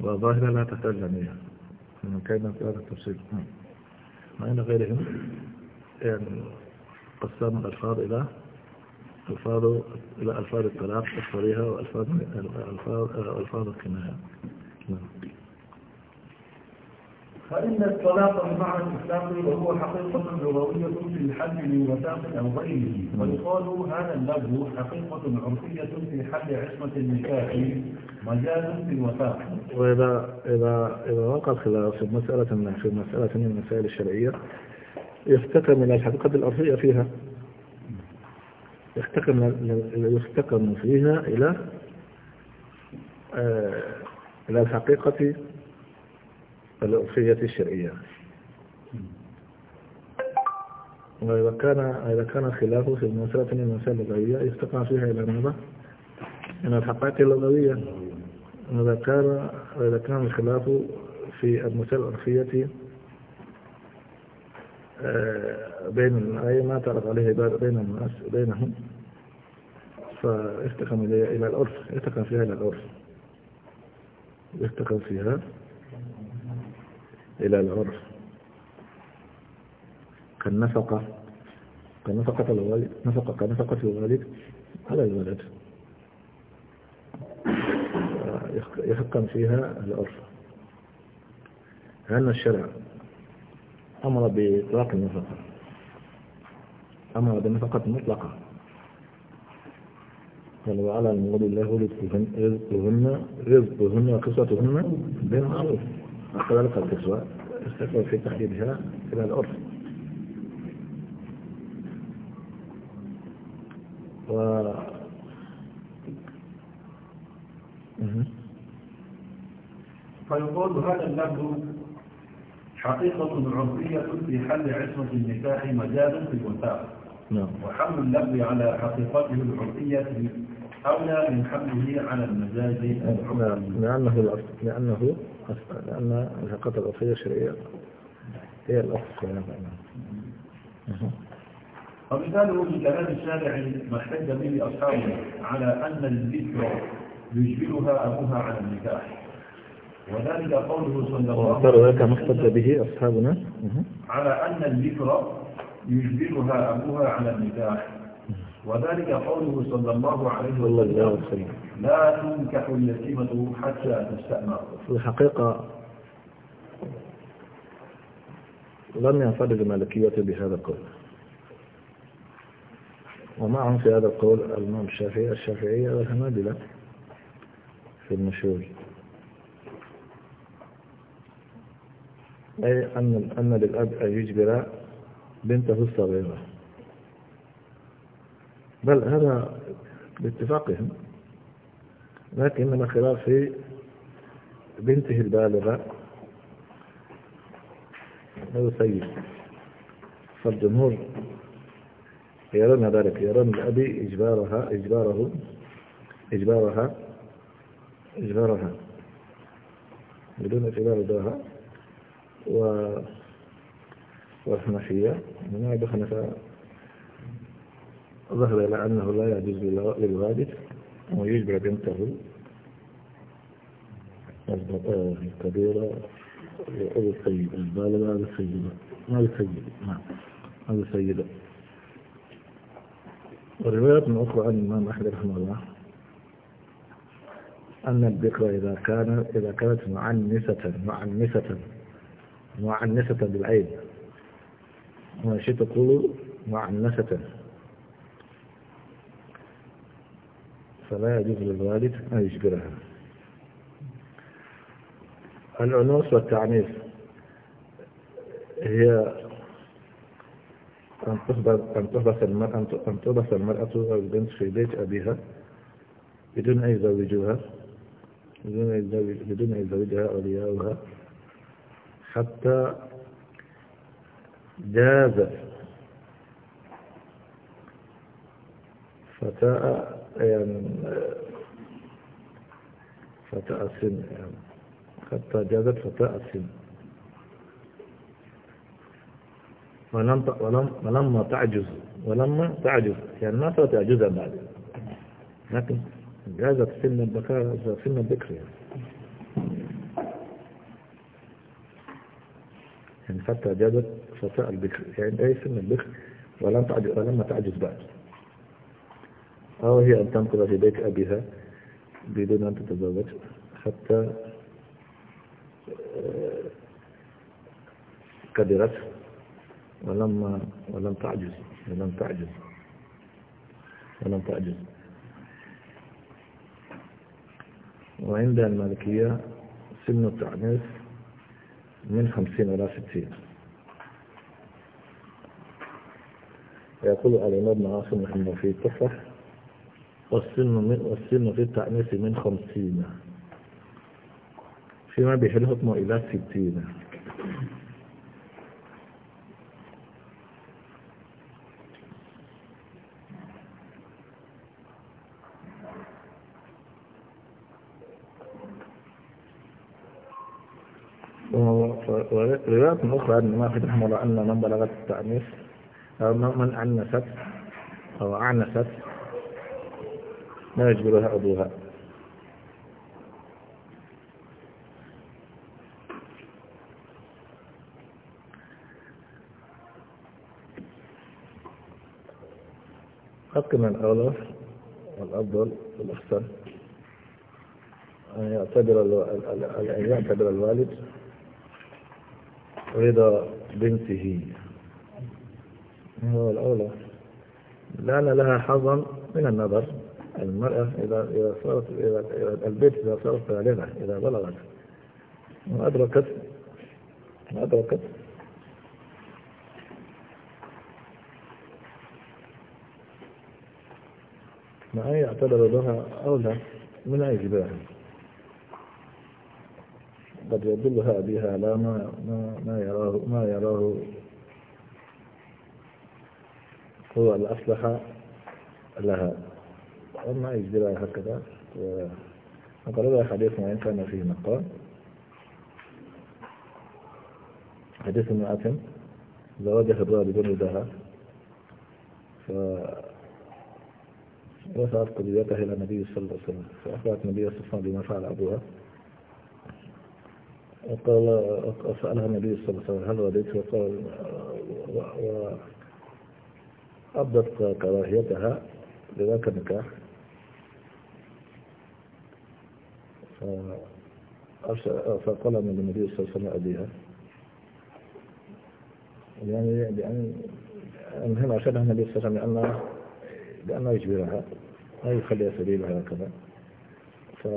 والظاهرة لا تحتاج إلى النية من كان في هذا التفصيل وعند نعم. غيرهم يعني قسم الألفاظ إلى ألفاظ إلى ألفاظ الطلاق الصريحة وألفاظ ألفاظ الكناية نعم فإن الطلاق بمعنى الإطلاق وهو حقيقة لغوية في الحل من وثاق أو غيره ويقال هذا اللفظ حقيقة عرفية في حل عصمة النكاح مجاز في الوثاق وإذا إذا إذا وقع الخلاف في مسألة في مسألة من المسائل الشرعية من الحقيقة الأرضية فيها من يفتقر فيها إلى آه، إلى الحقيقة الأوفية الشرعية وإذا كان إذا كان خلافه في المسألة من المسائل اللغوية يستقع فيها إلى ماذا؟ إلى الحقائق اللغوية وإذا كان وإذا كان الخلاف في المسألة الألفية آه، بين أي ما تعرف عليه بين الناس بينهم فاستقم إلى العرف استقم فيها إلى العرف يستقم فيها إلى العرف كالنفقة كنفقة الوالد نفقة كنفقة الوالد على الولد يحكم فيها العرف لأن الشرع أمر بإطلاق النفقة أمر بنفقة مطلقة قال يعني وعلى المولد له رزقهن رزقهن وقصتهن بين معروف نقل كسوة استكمل في هنا إلى الأرض و فيقول هذا اللفظ حقيقة عرفية في حل عصمة النساء مجال في الوثاق نعم. وحمل اللفظ على حقيقته العرفية أولى من حمله على المزاج العرفي لأنه لأنه لأن زكاة الأصلية الشرعية هي الأصل في هذا المعنى ومثاله في كلام الشارع ما احتج به أصحابه على أن الذكر يجبرها أبوها على النكاح وذلك قوله صلى الله عليه وسلم ذلك ما احتج به أصحابنا على أن الذكر يجبرها أبوها على النكاح وذلك قوله صلى الله عليه وسلم لا تنكح اليتيمة حتى تستأمر في الحقيقة لم ينفرد المالكية بهذا القول ومعهم في هذا القول الإمام الشافعي الشافعية والحنابلة في النشور أي أن أن للأب أن يجبر بنته الصغيرة بل هذا باتفاقهم من خلاف بنته البالغة هذا سيد فالجمهور يرون ذلك يرون الأبي إجبارها إجباره إجبارها إجبارها بدون اعتبار ذاها و والحنفية هنا دخل ظهر إلى أنه لا يجوز للواجب ويجبر بنته الكبيرة أو السيدة البالغة السيدة ما السيدة نعم هذا السيدة وروايات أخرى عن الإمام أحمد رحمه الله أن الذكر إذا كان إذا كانت معنسة معنسة معنسة بالعين شئت تقول معنسة فلا يجوز للوالد أن يجبرها الأنوث والتعنيف هي أن تحبس أن تحبس المرأة أن تحبس المرأة أو البنت في بيت أبيها بدون أن يزوجوها بدون أن يزوجها أولياؤها حتى جازت فتاة فتاة السن حتى جازت فتاة السن ولما تعجز ولما تعجز يعني الناس تعجز بعد لكن جازت سن البكاء سن البكر يعني يعني حتى جازت فتاة البكر يعني أي سن البكر ولم تعجز ولما تعجز بعد أو هي أن تنقل في بيت أبيها بدون أن تتزوج حتى آه، كبرت ولم ولم تعجز ولم تعجز ولم تعجز وعند المالكية سن التعنيف من خمسين إلى ستين يقول الإمام عاصم رحمه في التحفة والسن من والسن في التأنيث من خمسين فيما بيحل حكمه إلى ستين وروايات أخرى أن ما في رحمه الله أن من بلغت التأنيث أو من أنست أو أعنست ما يجبرها حق من الأولى والأفضل والأحسن أن يعتبر أن يعتبر الوالد رضا بنته هو الأولى لأن لها حظا من النظر المرأة إذا إذا صارت إذا البيت إذا صارت بالغة إذا بلغت وأدركت وأدركت ما أن اعتبر بها أولى من أي جباه قد يدلها بها لا ما ما ما يراه ما يراه هو الأصلح لها أما يجبرها هكذا لها حديث معين كان فيه مقال حديث امرأة زواج خضراء بدون ذهب ف وصلت قضيتها إلى النبي صلى الله عليه وسلم فأخبرت النبي صلى الله عليه وسلم بما فعل أبوها وقال سألها النبي صلى الله عليه وسلم هل رديت وقال وأبدت كراهيتها لذاك النكاح من النبي صلى الله عليه وسلم أبيها يعني لأن المهم أرشدها النبي صلى الله عليه وسلم لأنه يجبرها لا يخليها سبيلها هكذا ف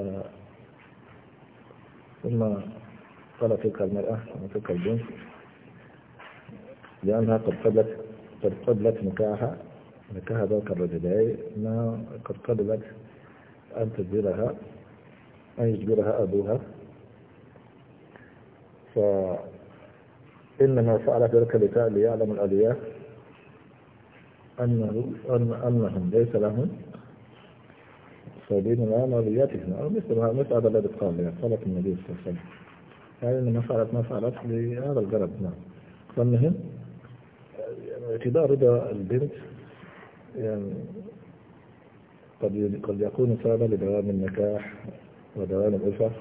ثم قال تلك المرأة وتلك البنت لأنها قد قبلت قد قبلت نكاحها نكاح ذلك الرجل أي ما قد قبلت أن تجبرها أن يجبرها أبوها فإنما فعل ذلك ليعلم الأولياء أنه أن أنهم ليس لهم سبيل من عملياتهم أو مثل مثل هذا الذي قال يعني قالت النبي صلى الله عليه وسلم يعني إنما فعلت ما فعلت لهذا الغرض نعم فالمهم اعتبار رضا البنت يعني قد قد يكون سببا لدوام النكاح ودوام الأسر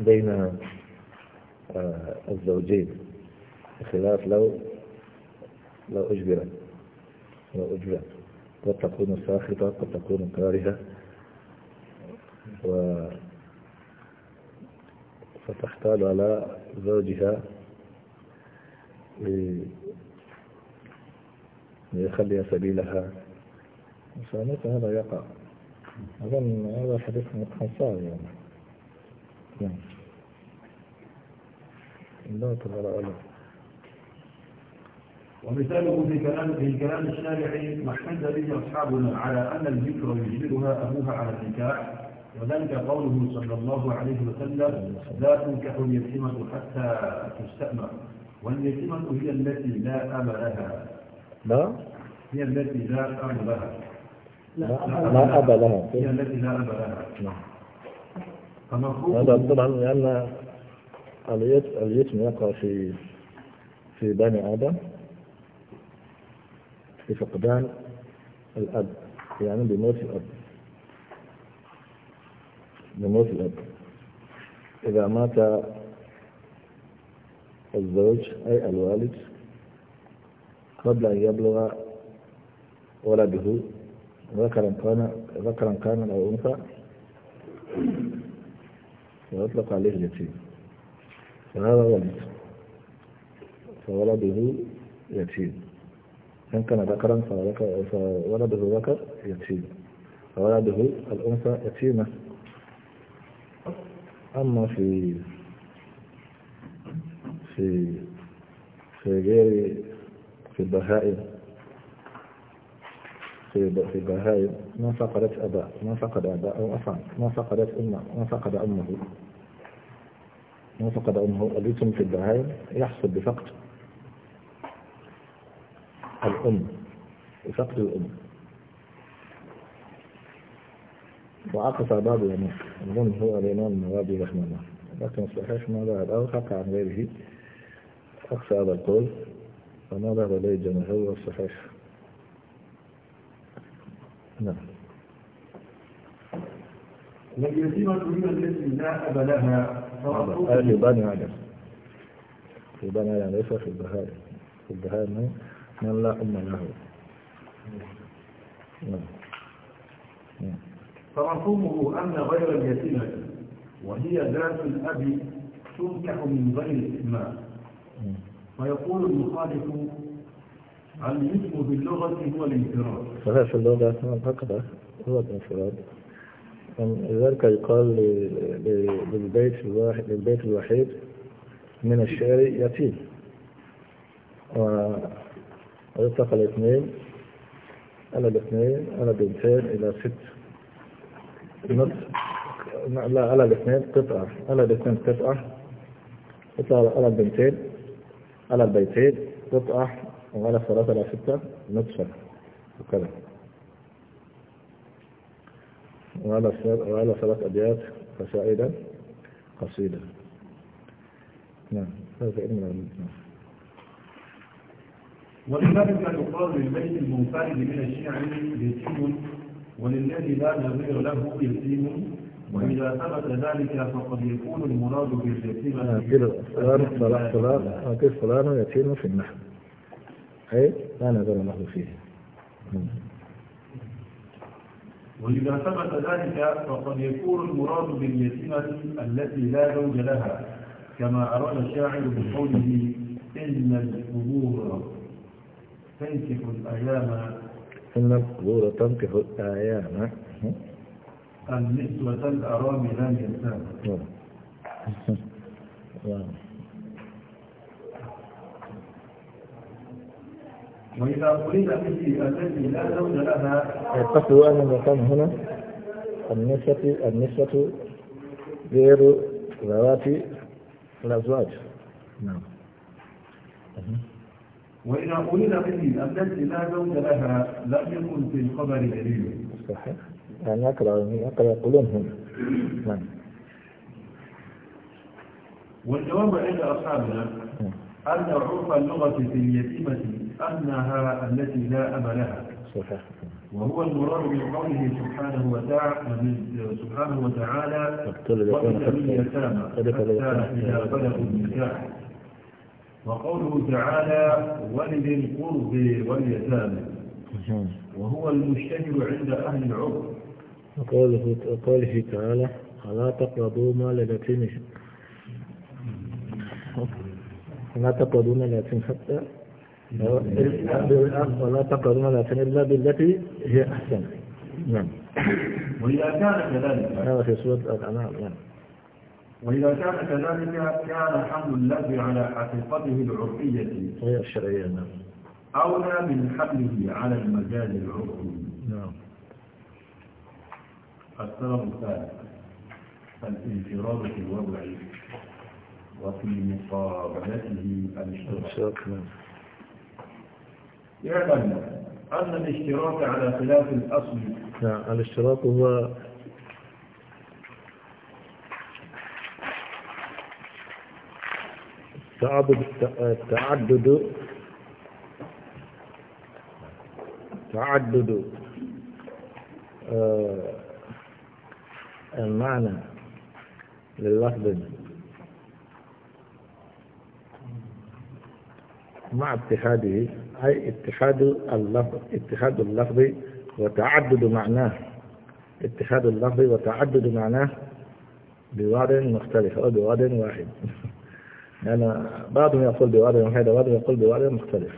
بين آه، الزوجين بخلاف لو لو أجبرت لو أجبرت قد تكون ساخطة قد تكون كارهة و فتحتال على زوجها ليخلي سبيلها وسامتها هذا يقع أظن هذا حديث من يعني نعم لا تظهر أعلم ومثاله في كلام في كلام الشارعي ما احتج به أصحابنا على أن الذكر يجبرها أبوها على النكاح وذلك قوله صلى الله عليه وسلم لا تنكح اليتيمة حتى تستأمر واليتيمة هي التي لا أب لها لا هي التي لا أب لها لا أبى لها هي التي لا أبى لها نعم هذا طبعا لأن اليتم يقع في في بني آدم في فقدان الأب يعني بموت الأب بموت الأب إذا مات الزوج أي الوالد قبل أن يبلغ ولده ذكرا كان ذكرا كان أو أنثى ويطلق عليه اليتيم فهذا ولد فولده يتيم إن كان ذكرا فولده ذكر يتيم فولده الأنثى يتيمة أما في في في غير في البهائم في في البهائم من فقدت أباه من فقد أباه أو أصلا من فقدت أمه من فقد أمه من فقد أمه الاسم في البهايم يحصل بفقد الأم بفقد الأم وعقص بعضهم الأم هو الإمام النوابي رحمه الله لكن الصحيح ما ذهب أو حكى عن غيره أقصى هذا القول فما ذهب إليه الجمهور والصحيح نعم اليتيمة هي التي لا أب لها يبان هذا بني هذا ليس في البهائم في البهائم من لا أم له نعم, نعم. فمفهومه أن غير اليتيمة وهي ذات الأب تنكح من غير إسماء نعم. فيقول المخالف المثل باللغة هو الانفراد صحيح في اللغة هكذا آه. هو الانفراد لذلك يقال للبيت الواحد للبيت الوحيد من الشعر يتيم ويطلق الاثنين على الاثنين على بنتين إلى ست نص لا على الاثنين قطعة على الاثنين قطعة قطعة على البنتين على البيتين قطعة ولا صلاة لا ستة نطفة وكذا وعلى وعلى ثلاث أبيات قصائدا قصيدة نعم هذا علم نعم. للبيت المنفرد من الشعر يتيم وللذي لا نظير له يتيم وإذا ثبت ذلك فقد يكون المراد باليتيم فلان آه، فلان آه، يتيم في النحو أي لا نظر له فيه وإذا ثبت ذلك فقد يكون المراد باليتيمة التي لا زوج لها كما أراد الشاعر بقوله إن القبور تنكح الأيام إن القبور تنكح الأيام النسوة الأرامل لا ينساها وإذا قلنا في التي لا زوج لها القصد أن المكان هنا النسبة النسبة غير ذوات الأزواج نعم وإذا قلنا به التي لا زوج لها لم يكن في الخبر دليل صحيح يعني أقرأ أقرأ يقولون هنا نعم والجواب عند أصحابنا نعم. أن عرف اللغة في اليتيمة أنها التي لا أب لها صحيح وهو المراد بقوله سبحانه وتعالى سبحانه وتعالى وابتلوا اليتامى إذا بلغوا النكاح وقوله تعالى ولذي القرب واليتامى وهو المشتهر عند أهل العرف وقوله قوله تعالى ألا تقربوا مال اليتيم لا ما اليتيم حتى ولا تقربون الأحسن إلا بالتي هي أحسن نعم وإذا كان كذلك هذا في سورة الأنعام نعم وإذا كان كذلك كان حمل اللفظ على حقيقته العرفية هي الشرعية نعم أولى من حمله على المجال العرفي نعم السبب الثالث الانفراد في الوضع وفي مقابلته الاشتراك نعم. يعلم أن الاشتراك على خلاف الأصل نعم الاشتراك هو تعدد تعدد تعدد آه، المعنى لللفظ مع اتحاده أي اتحاد اللفظ اتحاد اللفظ وتعدد معناه اتحاد اللفظ وتعدد معناه بوضع مختلف أو بوضع واحد لأن يعني بعضهم يقول بوضع واحد وبعضهم يقول بوضع مختلف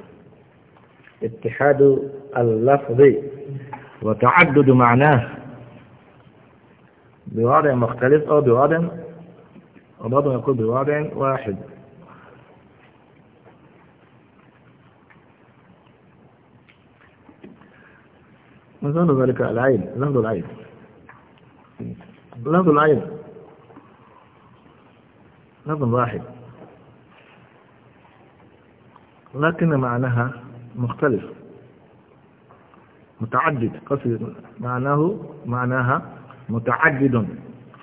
اتحاد اللفظ وتعدد معناه بوضع مختلف أو بوضع وبعضهم يقول بوضع واحد مثال ذلك العين لفظ العين لفظ العين لفظ واحد لكن معناها مختلف متعدد قصد معناه معناها متعدد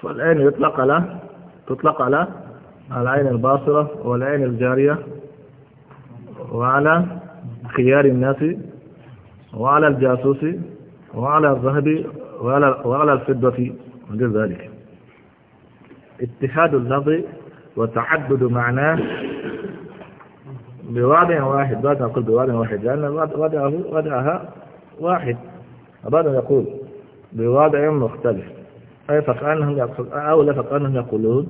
فالعين يطلق على تطلق على العين الباصرة والعين الجارية وعلى خيار الناس وعلى الجاسوس وعلى الذهب وعلى, وعلى الفضة وغير ذلك اتحاد اللفظ وتعدد معناه بوضع واحد بعد أقول بوضع واحد لأن وضعه وضعها واحد وبعد يقول بوضع مختلف أي فكأنهم أو لا فكأنهم يقولون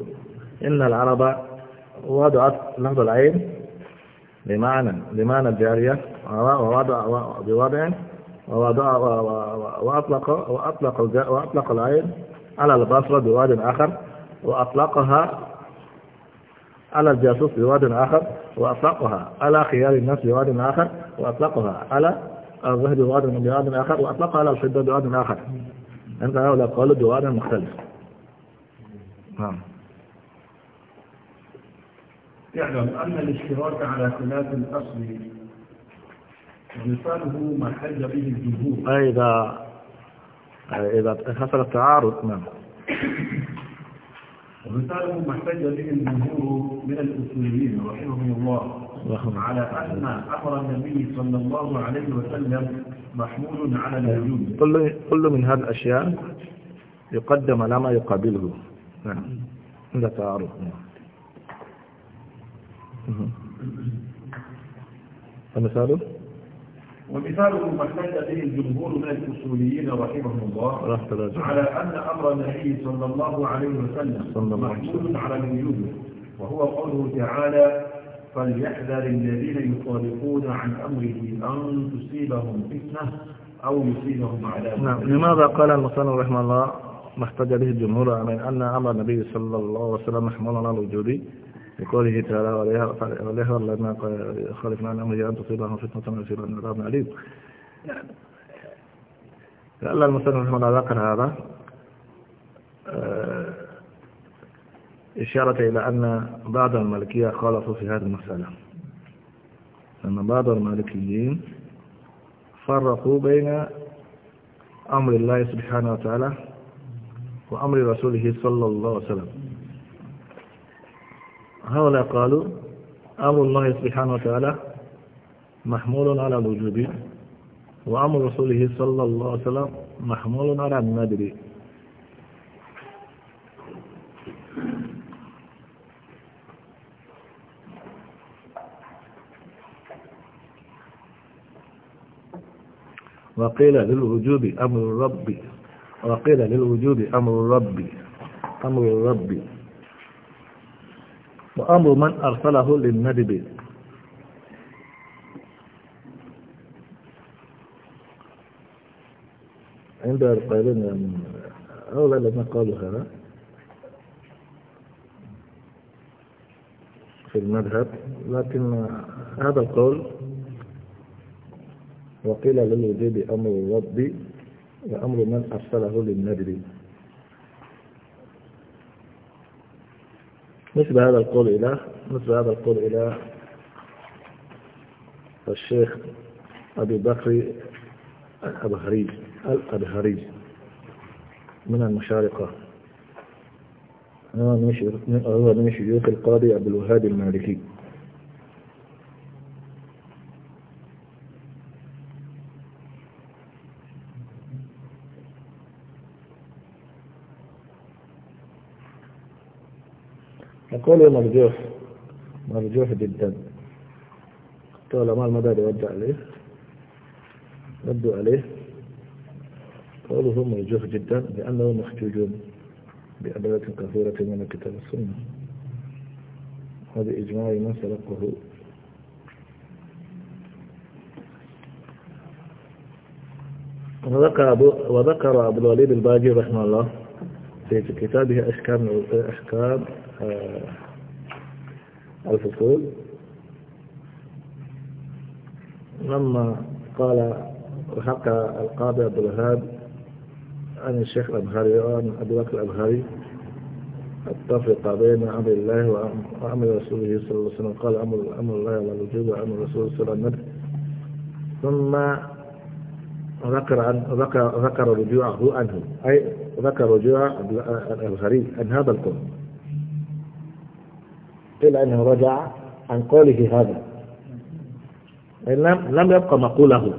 إن العرب وضعت لفظ العين بمعنى بمعنى الجارية ووضع بوضع ووضع وأطلق وأطلق وأطلق العين على البصرة بواد آخر وأطلقها على الجاسوس بواد آخر وأطلقها على خيار الناس بواد آخر وأطلقها على الظهر بواد بواد آخر وأطلقها على الحدة بواد آخر أنت هؤلاء قالوا بواد مختلف نعم يعلم أن الاشتراك على خلاف الأصل لسانه ما حج به الجمهور إذا إذا حصل التعارض نعم ومثاله ما احتج به الجمهور من الاصوليين رحمهم الله على ان امر النبي صلى الله عليه وسلم محمول على الوجود كل كل من هذه الاشياء يقدم على ما يقابله نعم عند التعارض نعم فمثاله ومثاله ما احتج به الجمهور من الاصوليين رحمهم الله على ان امر النبي صلى الله عليه وسلم محمود على يوجد وهو قوله تعالى فليحذر الذين يخالفون عن امره ان تصيبهم فتنه او يصيبهم عذاب نعم لماذا قال المصنف رحمه الله ما احتج به الجمهور على ان امر النبي صلى الله عليه وسلم محمود على الوجود لقوله تعالى وليها الله ما خالفنا عن أمره أن تصيبهم فتنة من يصيبهم عذاب أليم لعل المسلم رحمه الله ذكر هذا إشارة إلى أن بعض المالكية خالفوا في هذه المسألة أن بعض المالكيين فرقوا بين أمر الله سبحانه وتعالى وأمر رسوله صلى الله عليه وسلم هؤلاء قالوا أمر الله سبحانه وتعالى محمول على الوجوب وأمر رسوله صلى الله عليه وسلم محمول على النادر وقيل للوجوب أمر الرب وقيل للوجوب أمر الرب أمر الرب وأمر من أرسله للندب عند القائلين أولا لما قالوا هذا في المذهب لكن هذا القول وقيل للوجود أمر ربي وأمر من أرسله للنبي مثل هذا القول إلى مثل هذا القول إلى الشيخ أبي بكر الأبهري الأبهري من المشارقة هو من شيوخ القاضي عبد الوهاب المالكي يقول مرجوح مرجوح جدا ما المدد يرد عليه ردوا عليه قوله مرجوح جدا لأنه محتوج بأدلة كثيرة من الكتاب السنة هذا إجماع من سبقه وذكر أبو, وذكر أبو الوليد الباجي رحمه الله في كتابه أشكال أشكال آه، الفصول لما قال وحكى القاضي عبد الوهاب عن الشيخ الأبهاري وعن أبي بكر الأبهاري التفرقة بين أمر الله وأمر رسوله صلى الله عليه وسلم قال أمر أمر الله على الوجوب وأمر رسوله صلى الله عليه وسلم ثم ذكر عن ذكر ذكر رجوعه عنه أي ذكر رجوع الأبهاري عن هذا القول قيل أنه رجع عن قوله هذا لم لم يبقى مقوله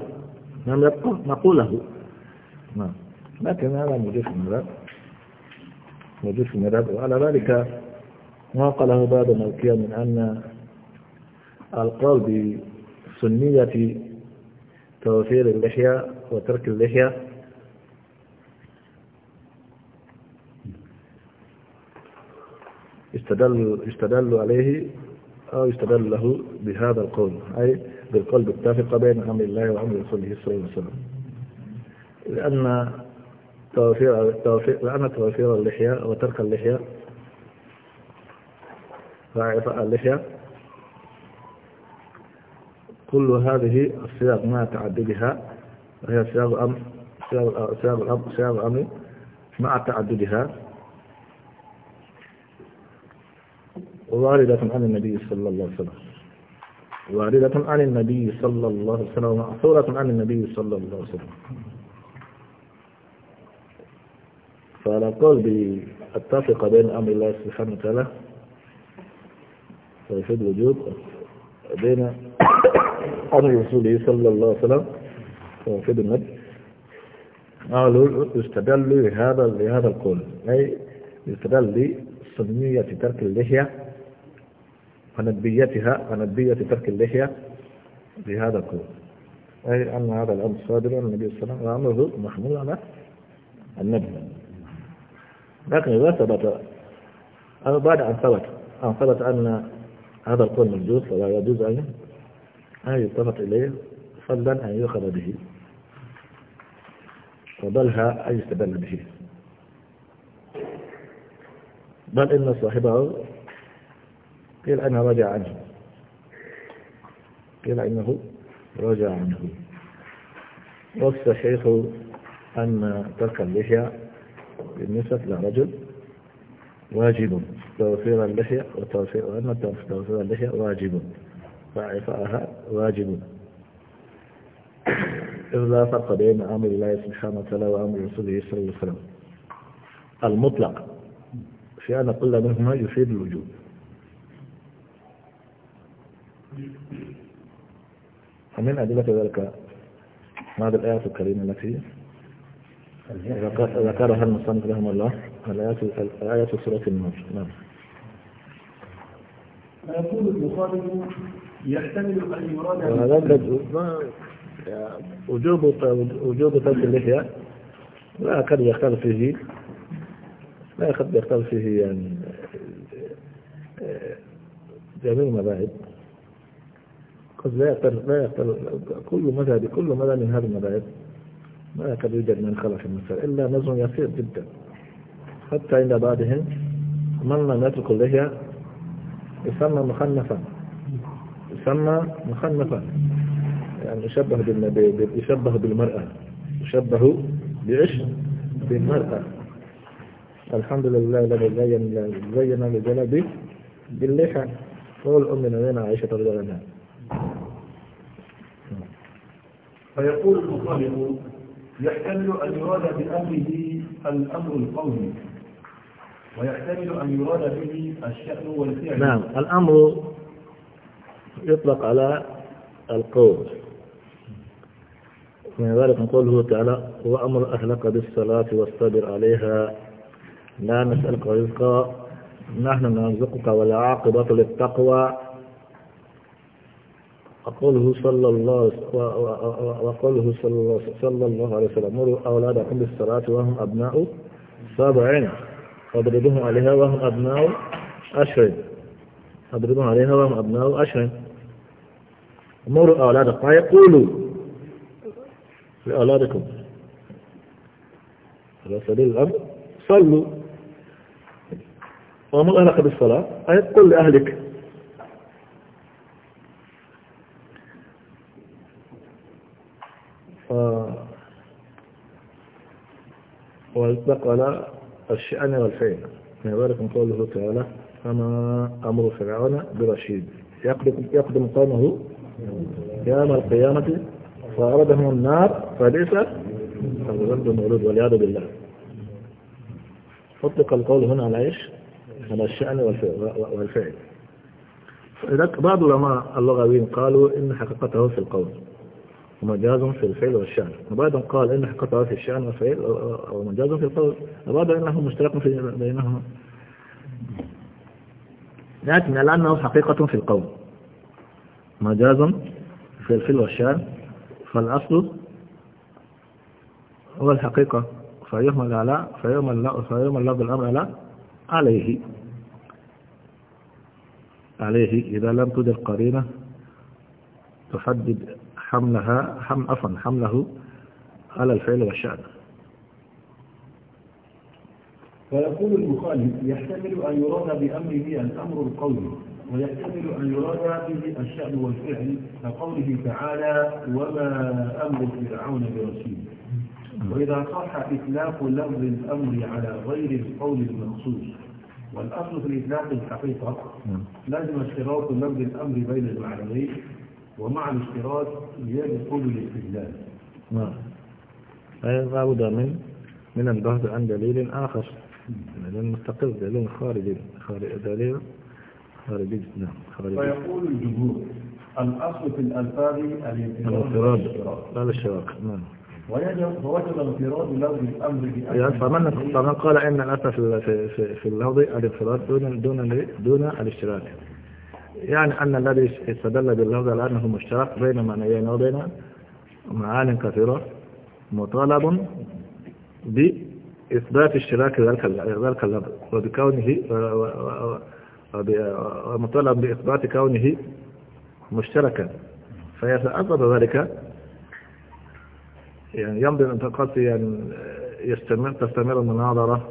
لم يبقى مقوله نعم لكن هذا موجود في المذهب موجود في المذهب وعلى ذلك ما قاله بعض الملكية من أن القول بسنية توفير اللحية وترك اللحية يستدل, يستدل عليه أو يستدل له بهذا القول أي بالقول بالتفق بين أمر الله وأمر رسوله صلى الله عليه وسلم لأن توفير, توفير لأن توفير اللحية وترك اللحية وإعفاء اللحية كل هذه الصياغ ما تعددها وهي صياغ أمر صياغ الأمر مع تعددها واردة عن النبي صلى الله عليه وسلم واردة عن النبي صلى الله عليه وسلم ومأثورة عن النبي صلى الله عليه وسلم فعلى قلبي اتفق بين أمر الله سبحانه وتعالى فيفيد وجود بين أمر رسوله صلى الله عليه وسلم ويفيد النبي قالوا يستدل لهذا لهذا القول أي يستدل لسمية ترك اللحية فندبيتها فندبية ترك اللحية بهذا الكون أي أن هذا الأمر صادر عن النبي صلى الله عليه وسلم وأمره محمول على النبي لكن إذا ثبت أو بعد أن ثبت أن ثبت أن هذا القول موجود ولا يجوز أن أن يلتفت إليه فضلا أن يؤخذ به وبلها أن يستدل به بل إن صاحبه قيل أنه رجع عنه قيل إنه رجع عنه والصحيح أن ترك اللحية بالنسبة لرجل واجب توفير اللحية وتوفير وأن توفير اللحية واجب فإعفاءها واجب إذ لا فرق بين أمر الله سبحانه وتعالى وأمر رسوله صلى الله عليه وسلم المطلق في أن كل منهما يفيد الوجوب فمن أدلة ذلك هذه الآية الكريمة التي ذكرها المصنف رحمه الله الآية سورة النور نعم فيقول البخاري يحتمل أن يراد وهذا وجوب وجوب ترك اللحية لا قد يختلف فيه لا قد يختلف فيه يعني آه، آه، جميع المذاهب قد لا يقل لا يقل كل مذهب كل مذهب من هذه المذاهب ما يقل يوجد من خلف المسألة إلا نزع يسير جدا حتى عند بعضهم من لم يترك اللحية يسمى مخنفا يسمى مخنفا يعني يشبه يشبه بالمرأة يشبه بعشق بالمرأة الحمد لله الذي زين زين لجلبي باللحى قول أمنا عائشة رضي الله عنها فيقول المطلق يحتمل أن يراد بأمره الأمر القومي ويحتمل أن يراد به الشأن والفعل نعم الأمر يطلق على القول من ذلك هو تعالى هو أمر أهلك بالصلاة واصطبر عليها لا نسألك رزقا نحن نرزقك والعاقبة للتقوى وقوله صلى الله وقوله صلى صلى الله عليه وسلم مروا أولادكم بالصلاة وهم أبناء سبعين واضربوهم عليها وهم أبناء عشرين اضربوهم عليها وهم أبناء عشرين مروا أولادكم فيقولوا لأولادكم على سبيل الأمر صلوا ومن أهلك بالصلاة أي قل لأهلك ونقل الشأن والفعل من ذلك قوله تعالى فما أمر فرعون برشيد يقدم قومه يوم القيامة فأردهم النار فليس الرد المولود والعياذ بالله أطلق القول هنا على ايش؟ على الشأن والفعل بعض العلماء اللغويين قالوا إن حقيقته في القول ومجاز في الفعل والشأن وبعد قال إن حقيقة في الشأن والفعل ومجاز في القول وبعد إنه مشترك في بينهما لكن لأنه حقيقة في القول مجاز في الفعل والشأن فالأصل هو الحقيقة فيهمل على فيهمل فيهمل لفظ الأمر على عليه عليه إذا لم تدر قرينة تحدد حملها حم عفوا حمله على الفعل والشأن فيقول المخالف يحتمل أن يراد بأمره الأمر القولي ويحتمل أن يراد به الشأن والفعل كقوله تعالى وما أمر فرعون برسول وإذا صح إطلاق لفظ الأمر على غير القول المنصوص والأصل في الإطلاق الحقيقة نعم. لازم اشتراط لفظ الأمر بين المعنيين ومع الاشتراك يدخل الاستدلال نعم لابد من من البحث عن دليل آخر دليل مستقل دليل خارجي خارج دليل خارجي نعم خارجي فيقول الجمهور الأصل في الألفاظ الانفراد لا الاشتراك نعم ووجد الانفراد لفظ الامر بأمر فمن فمن قال إن الأصل في في في اللفظ الانفراد دون دون دون الاشتراك يعني أن الذي استدل باللفظ لأنه مشترك بين معنيين وبين معان كثيرة مطالب بإثبات اشتراك ذلك ذلك اللفظ وبكونه ومطالب بإثبات كونه مشتركا فيتأثر ذلك يعني يمضي الانتقاد يعني يستمر تستمر المناظرة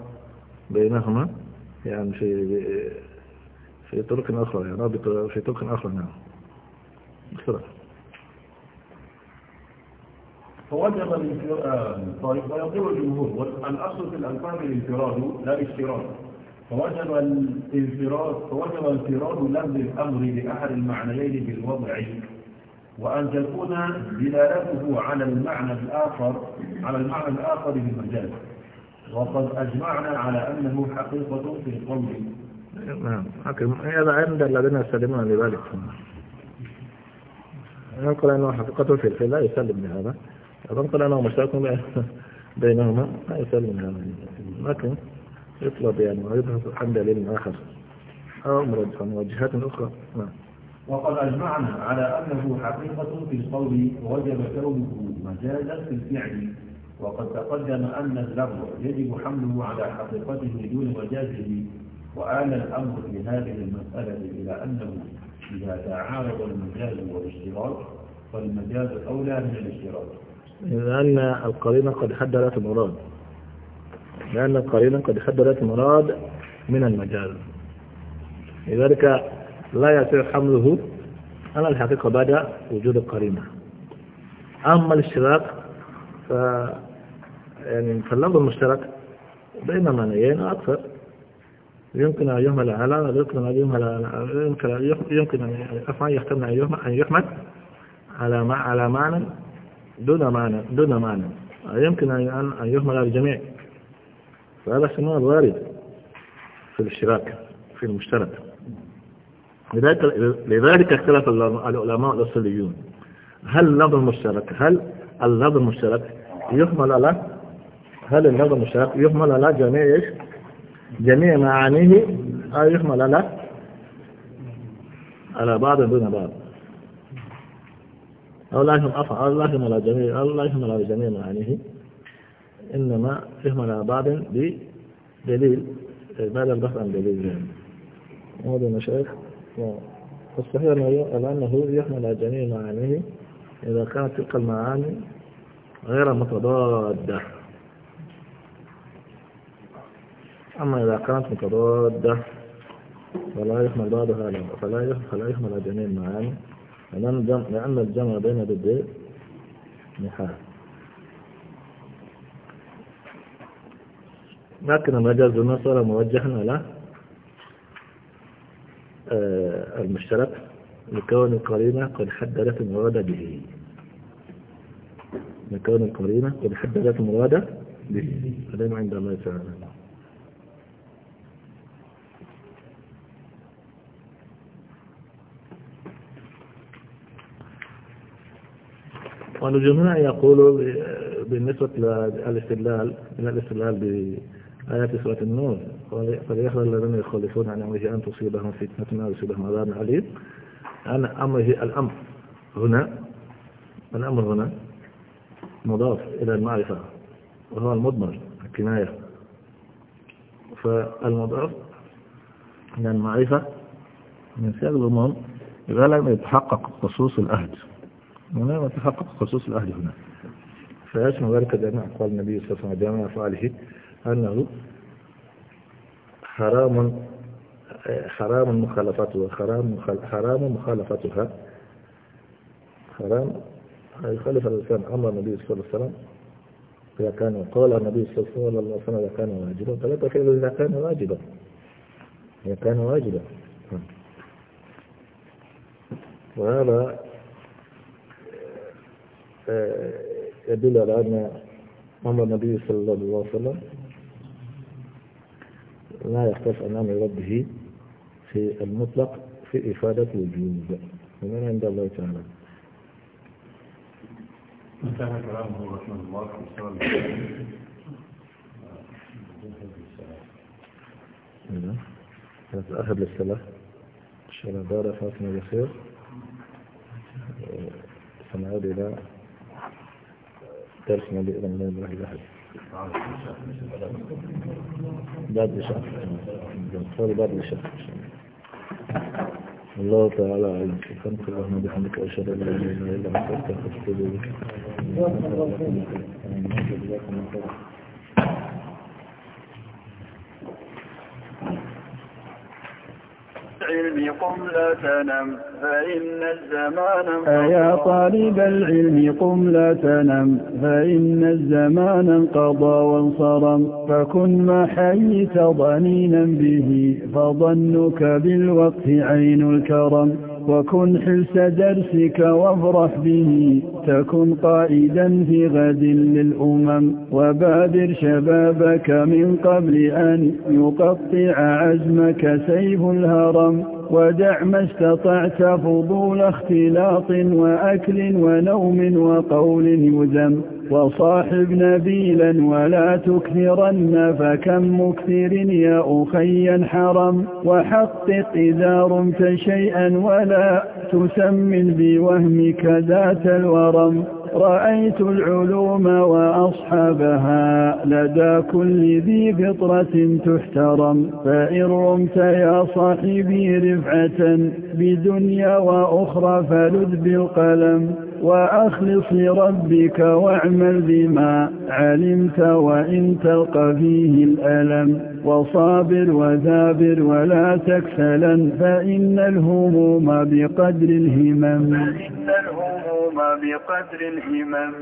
بينهما يعني في في طرق أخرى يعني رابط في طرق أخرى نعم بسرعة فوجب طيب ويقول الجمهور الأصل في الألفاظ الانفراد لا الاشتراك فوجب الانفراد فوجب انفراد لفظ الأمر بأحد المعنيين بالوضع وأن تكون دلالته على المعنى الآخر على المعنى الآخر بالمجاز وقد أجمعنا على أنه حقيقة في القول نعم هذا عند الذين يسلمون لذلك ينقل أنه حقيقة في الحل لا يسلم لهذا ينقل أنه مشترك بينهما لا يسلم لهذا لكن يطلب يعني ويبحث عن دليل آخر أو موجهات أخرى نعم وقد أجمعنا على أنه حقيقة في القول وجب كونه مجازا في الفعل وقد تقدم أن اللغو يجب حمله على حقيقته دون مجازه وآل الأمر في هذه المسألة إلى أنه إذا تعارض المجاز والاشتراك فالمجاز أولى من الاشتراك لأن القرينة قد حددت المراد لأن القرينة قد حددت المراد من المجاز لذلك لا يسع حمله على الحقيقة بعد وجود القرينة أما الاشتراك ف يعني فاللفظ المشترك بين معنيين أكثر يمكن أن يهمل على يمكن أن يهمل يمكن يمكن أن يمكن يحتمل أن يهمل أن يحمل على ما على معنى دون معنى دون معنى يمكن أن أن يهمل على الجميع فهذا سماع وارد في الاشتراك في المشترك لذلك لذلك اختلف العلماء الأصوليون هل اللفظ المشترك هل اللفظ المشترك يهمل على هل اللفظ المشترك يهمل على جميع جميع معانيه أي آه، يحمل على على بعض دون بعض أو لا يحمل أفعل أو لا يحمل على جميع أو لا يحمل على جميع معانيه إنما يحمل على بعض بدليل بعد البحث عن دليل يعني هذا المشايخ والصحيح أنه يحمل على جميع معانيه إذا كانت تلك المعاني غير متضادة أما إذا كانت متضادة فلا يحمل بعضها فلا فلا يحمل جميع معا لأن الجمع بين ضدين محال لكن المجاز بالمسألة موجه على آه، المشترك لكون القرينة قد حددت المراد به لكون القرينة قد حددت المراد به هذا عند الله تعالى والجميع يقول بالنسبة للاستدلال من الاستدلال بآيات سورة النور فليخل الذين يخالفون عن أمره أن تصيبهم فتنة أو يصيبهم عذاب عليم أن أمره الأمر هنا الأمر هنا مضاف إلى المعرفة وهو المضمر الكناية فالمضاف إلى المعرفة من سياق الأمم إذا لم يتحقق خصوص الأهل هنا وتحقق خصوص الأهل هنا فيشمل ذلك دائما أقوال النبي صلى الله عليه وسلم جميع أفعاله أنه حرام حرام مخالفتها حرام حرام مخالفتها حرام يخالف الإنسان أمر النبي صلى الله عليه وسلم إذا كان قال النبي صلى الله عليه وسلم إذا كان واجبا فلا تخيل إذا كان واجبا إذا كان واجبا وهذا آه، يدل على أن أمر النبي صلى الله عليه وسلم لا يختص عن أمر ربه في المطلق في إفادة الجنود ومن عند الله تعالى انتهى نتأهل للصلاة إن شاء الله دار فاتنا بخير سنعود إلى درسنا بإذن الله الله الله بعد الشهر صار بعد الله تعالى أعلم سبحانك اللهم وبحمدك أشهد أن لا إله إلا أنت أستغفرك وأتوب إليك العلم قم لا تنم فإن الزمان أيا طالب العلم قم لا تنم فإن الزمان انقضى وانصرم فكن ما حييت ضنينا به فظنك بالوقت عين الكرم وكن حلس درسك وافرح به تكن قائدا في غد للأمم وبادر شبابك من قبل أن يقطع عزمك سيف الهرم ودع ما استطعت فضول اختلاط وأكل ونوم وقول يذم وصاحب نبيلا ولا تكثرن فكم مكثر يا أخي حرم وحقق إذا رمت شيئا ولا تسمن بوهمك ذات الورم رأيت العلوم وأصحابها لدى كل ذي فطرة تحترم فإن رمت يا صاحبي رفعة بدنيا وأخرى فلذ بالقلم وأخلص لربك واعمل بما علمت وإن تلقى فيه الألم وصابر وذابر ولا تكسلا فإن الهموم بقدر الهمم فإن الهموم بقدر الهمم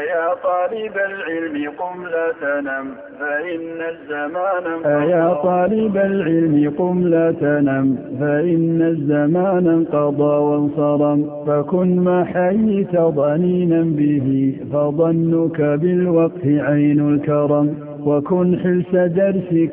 أيا طالب العلم قم لا تنم فإن الزمان أيا طالب العلم قم لا تنم فإن الزمان انقضى وانصرم فكن ما حييت ضنينا به فظنك بالوقت عين الكرم وكن حلس درسك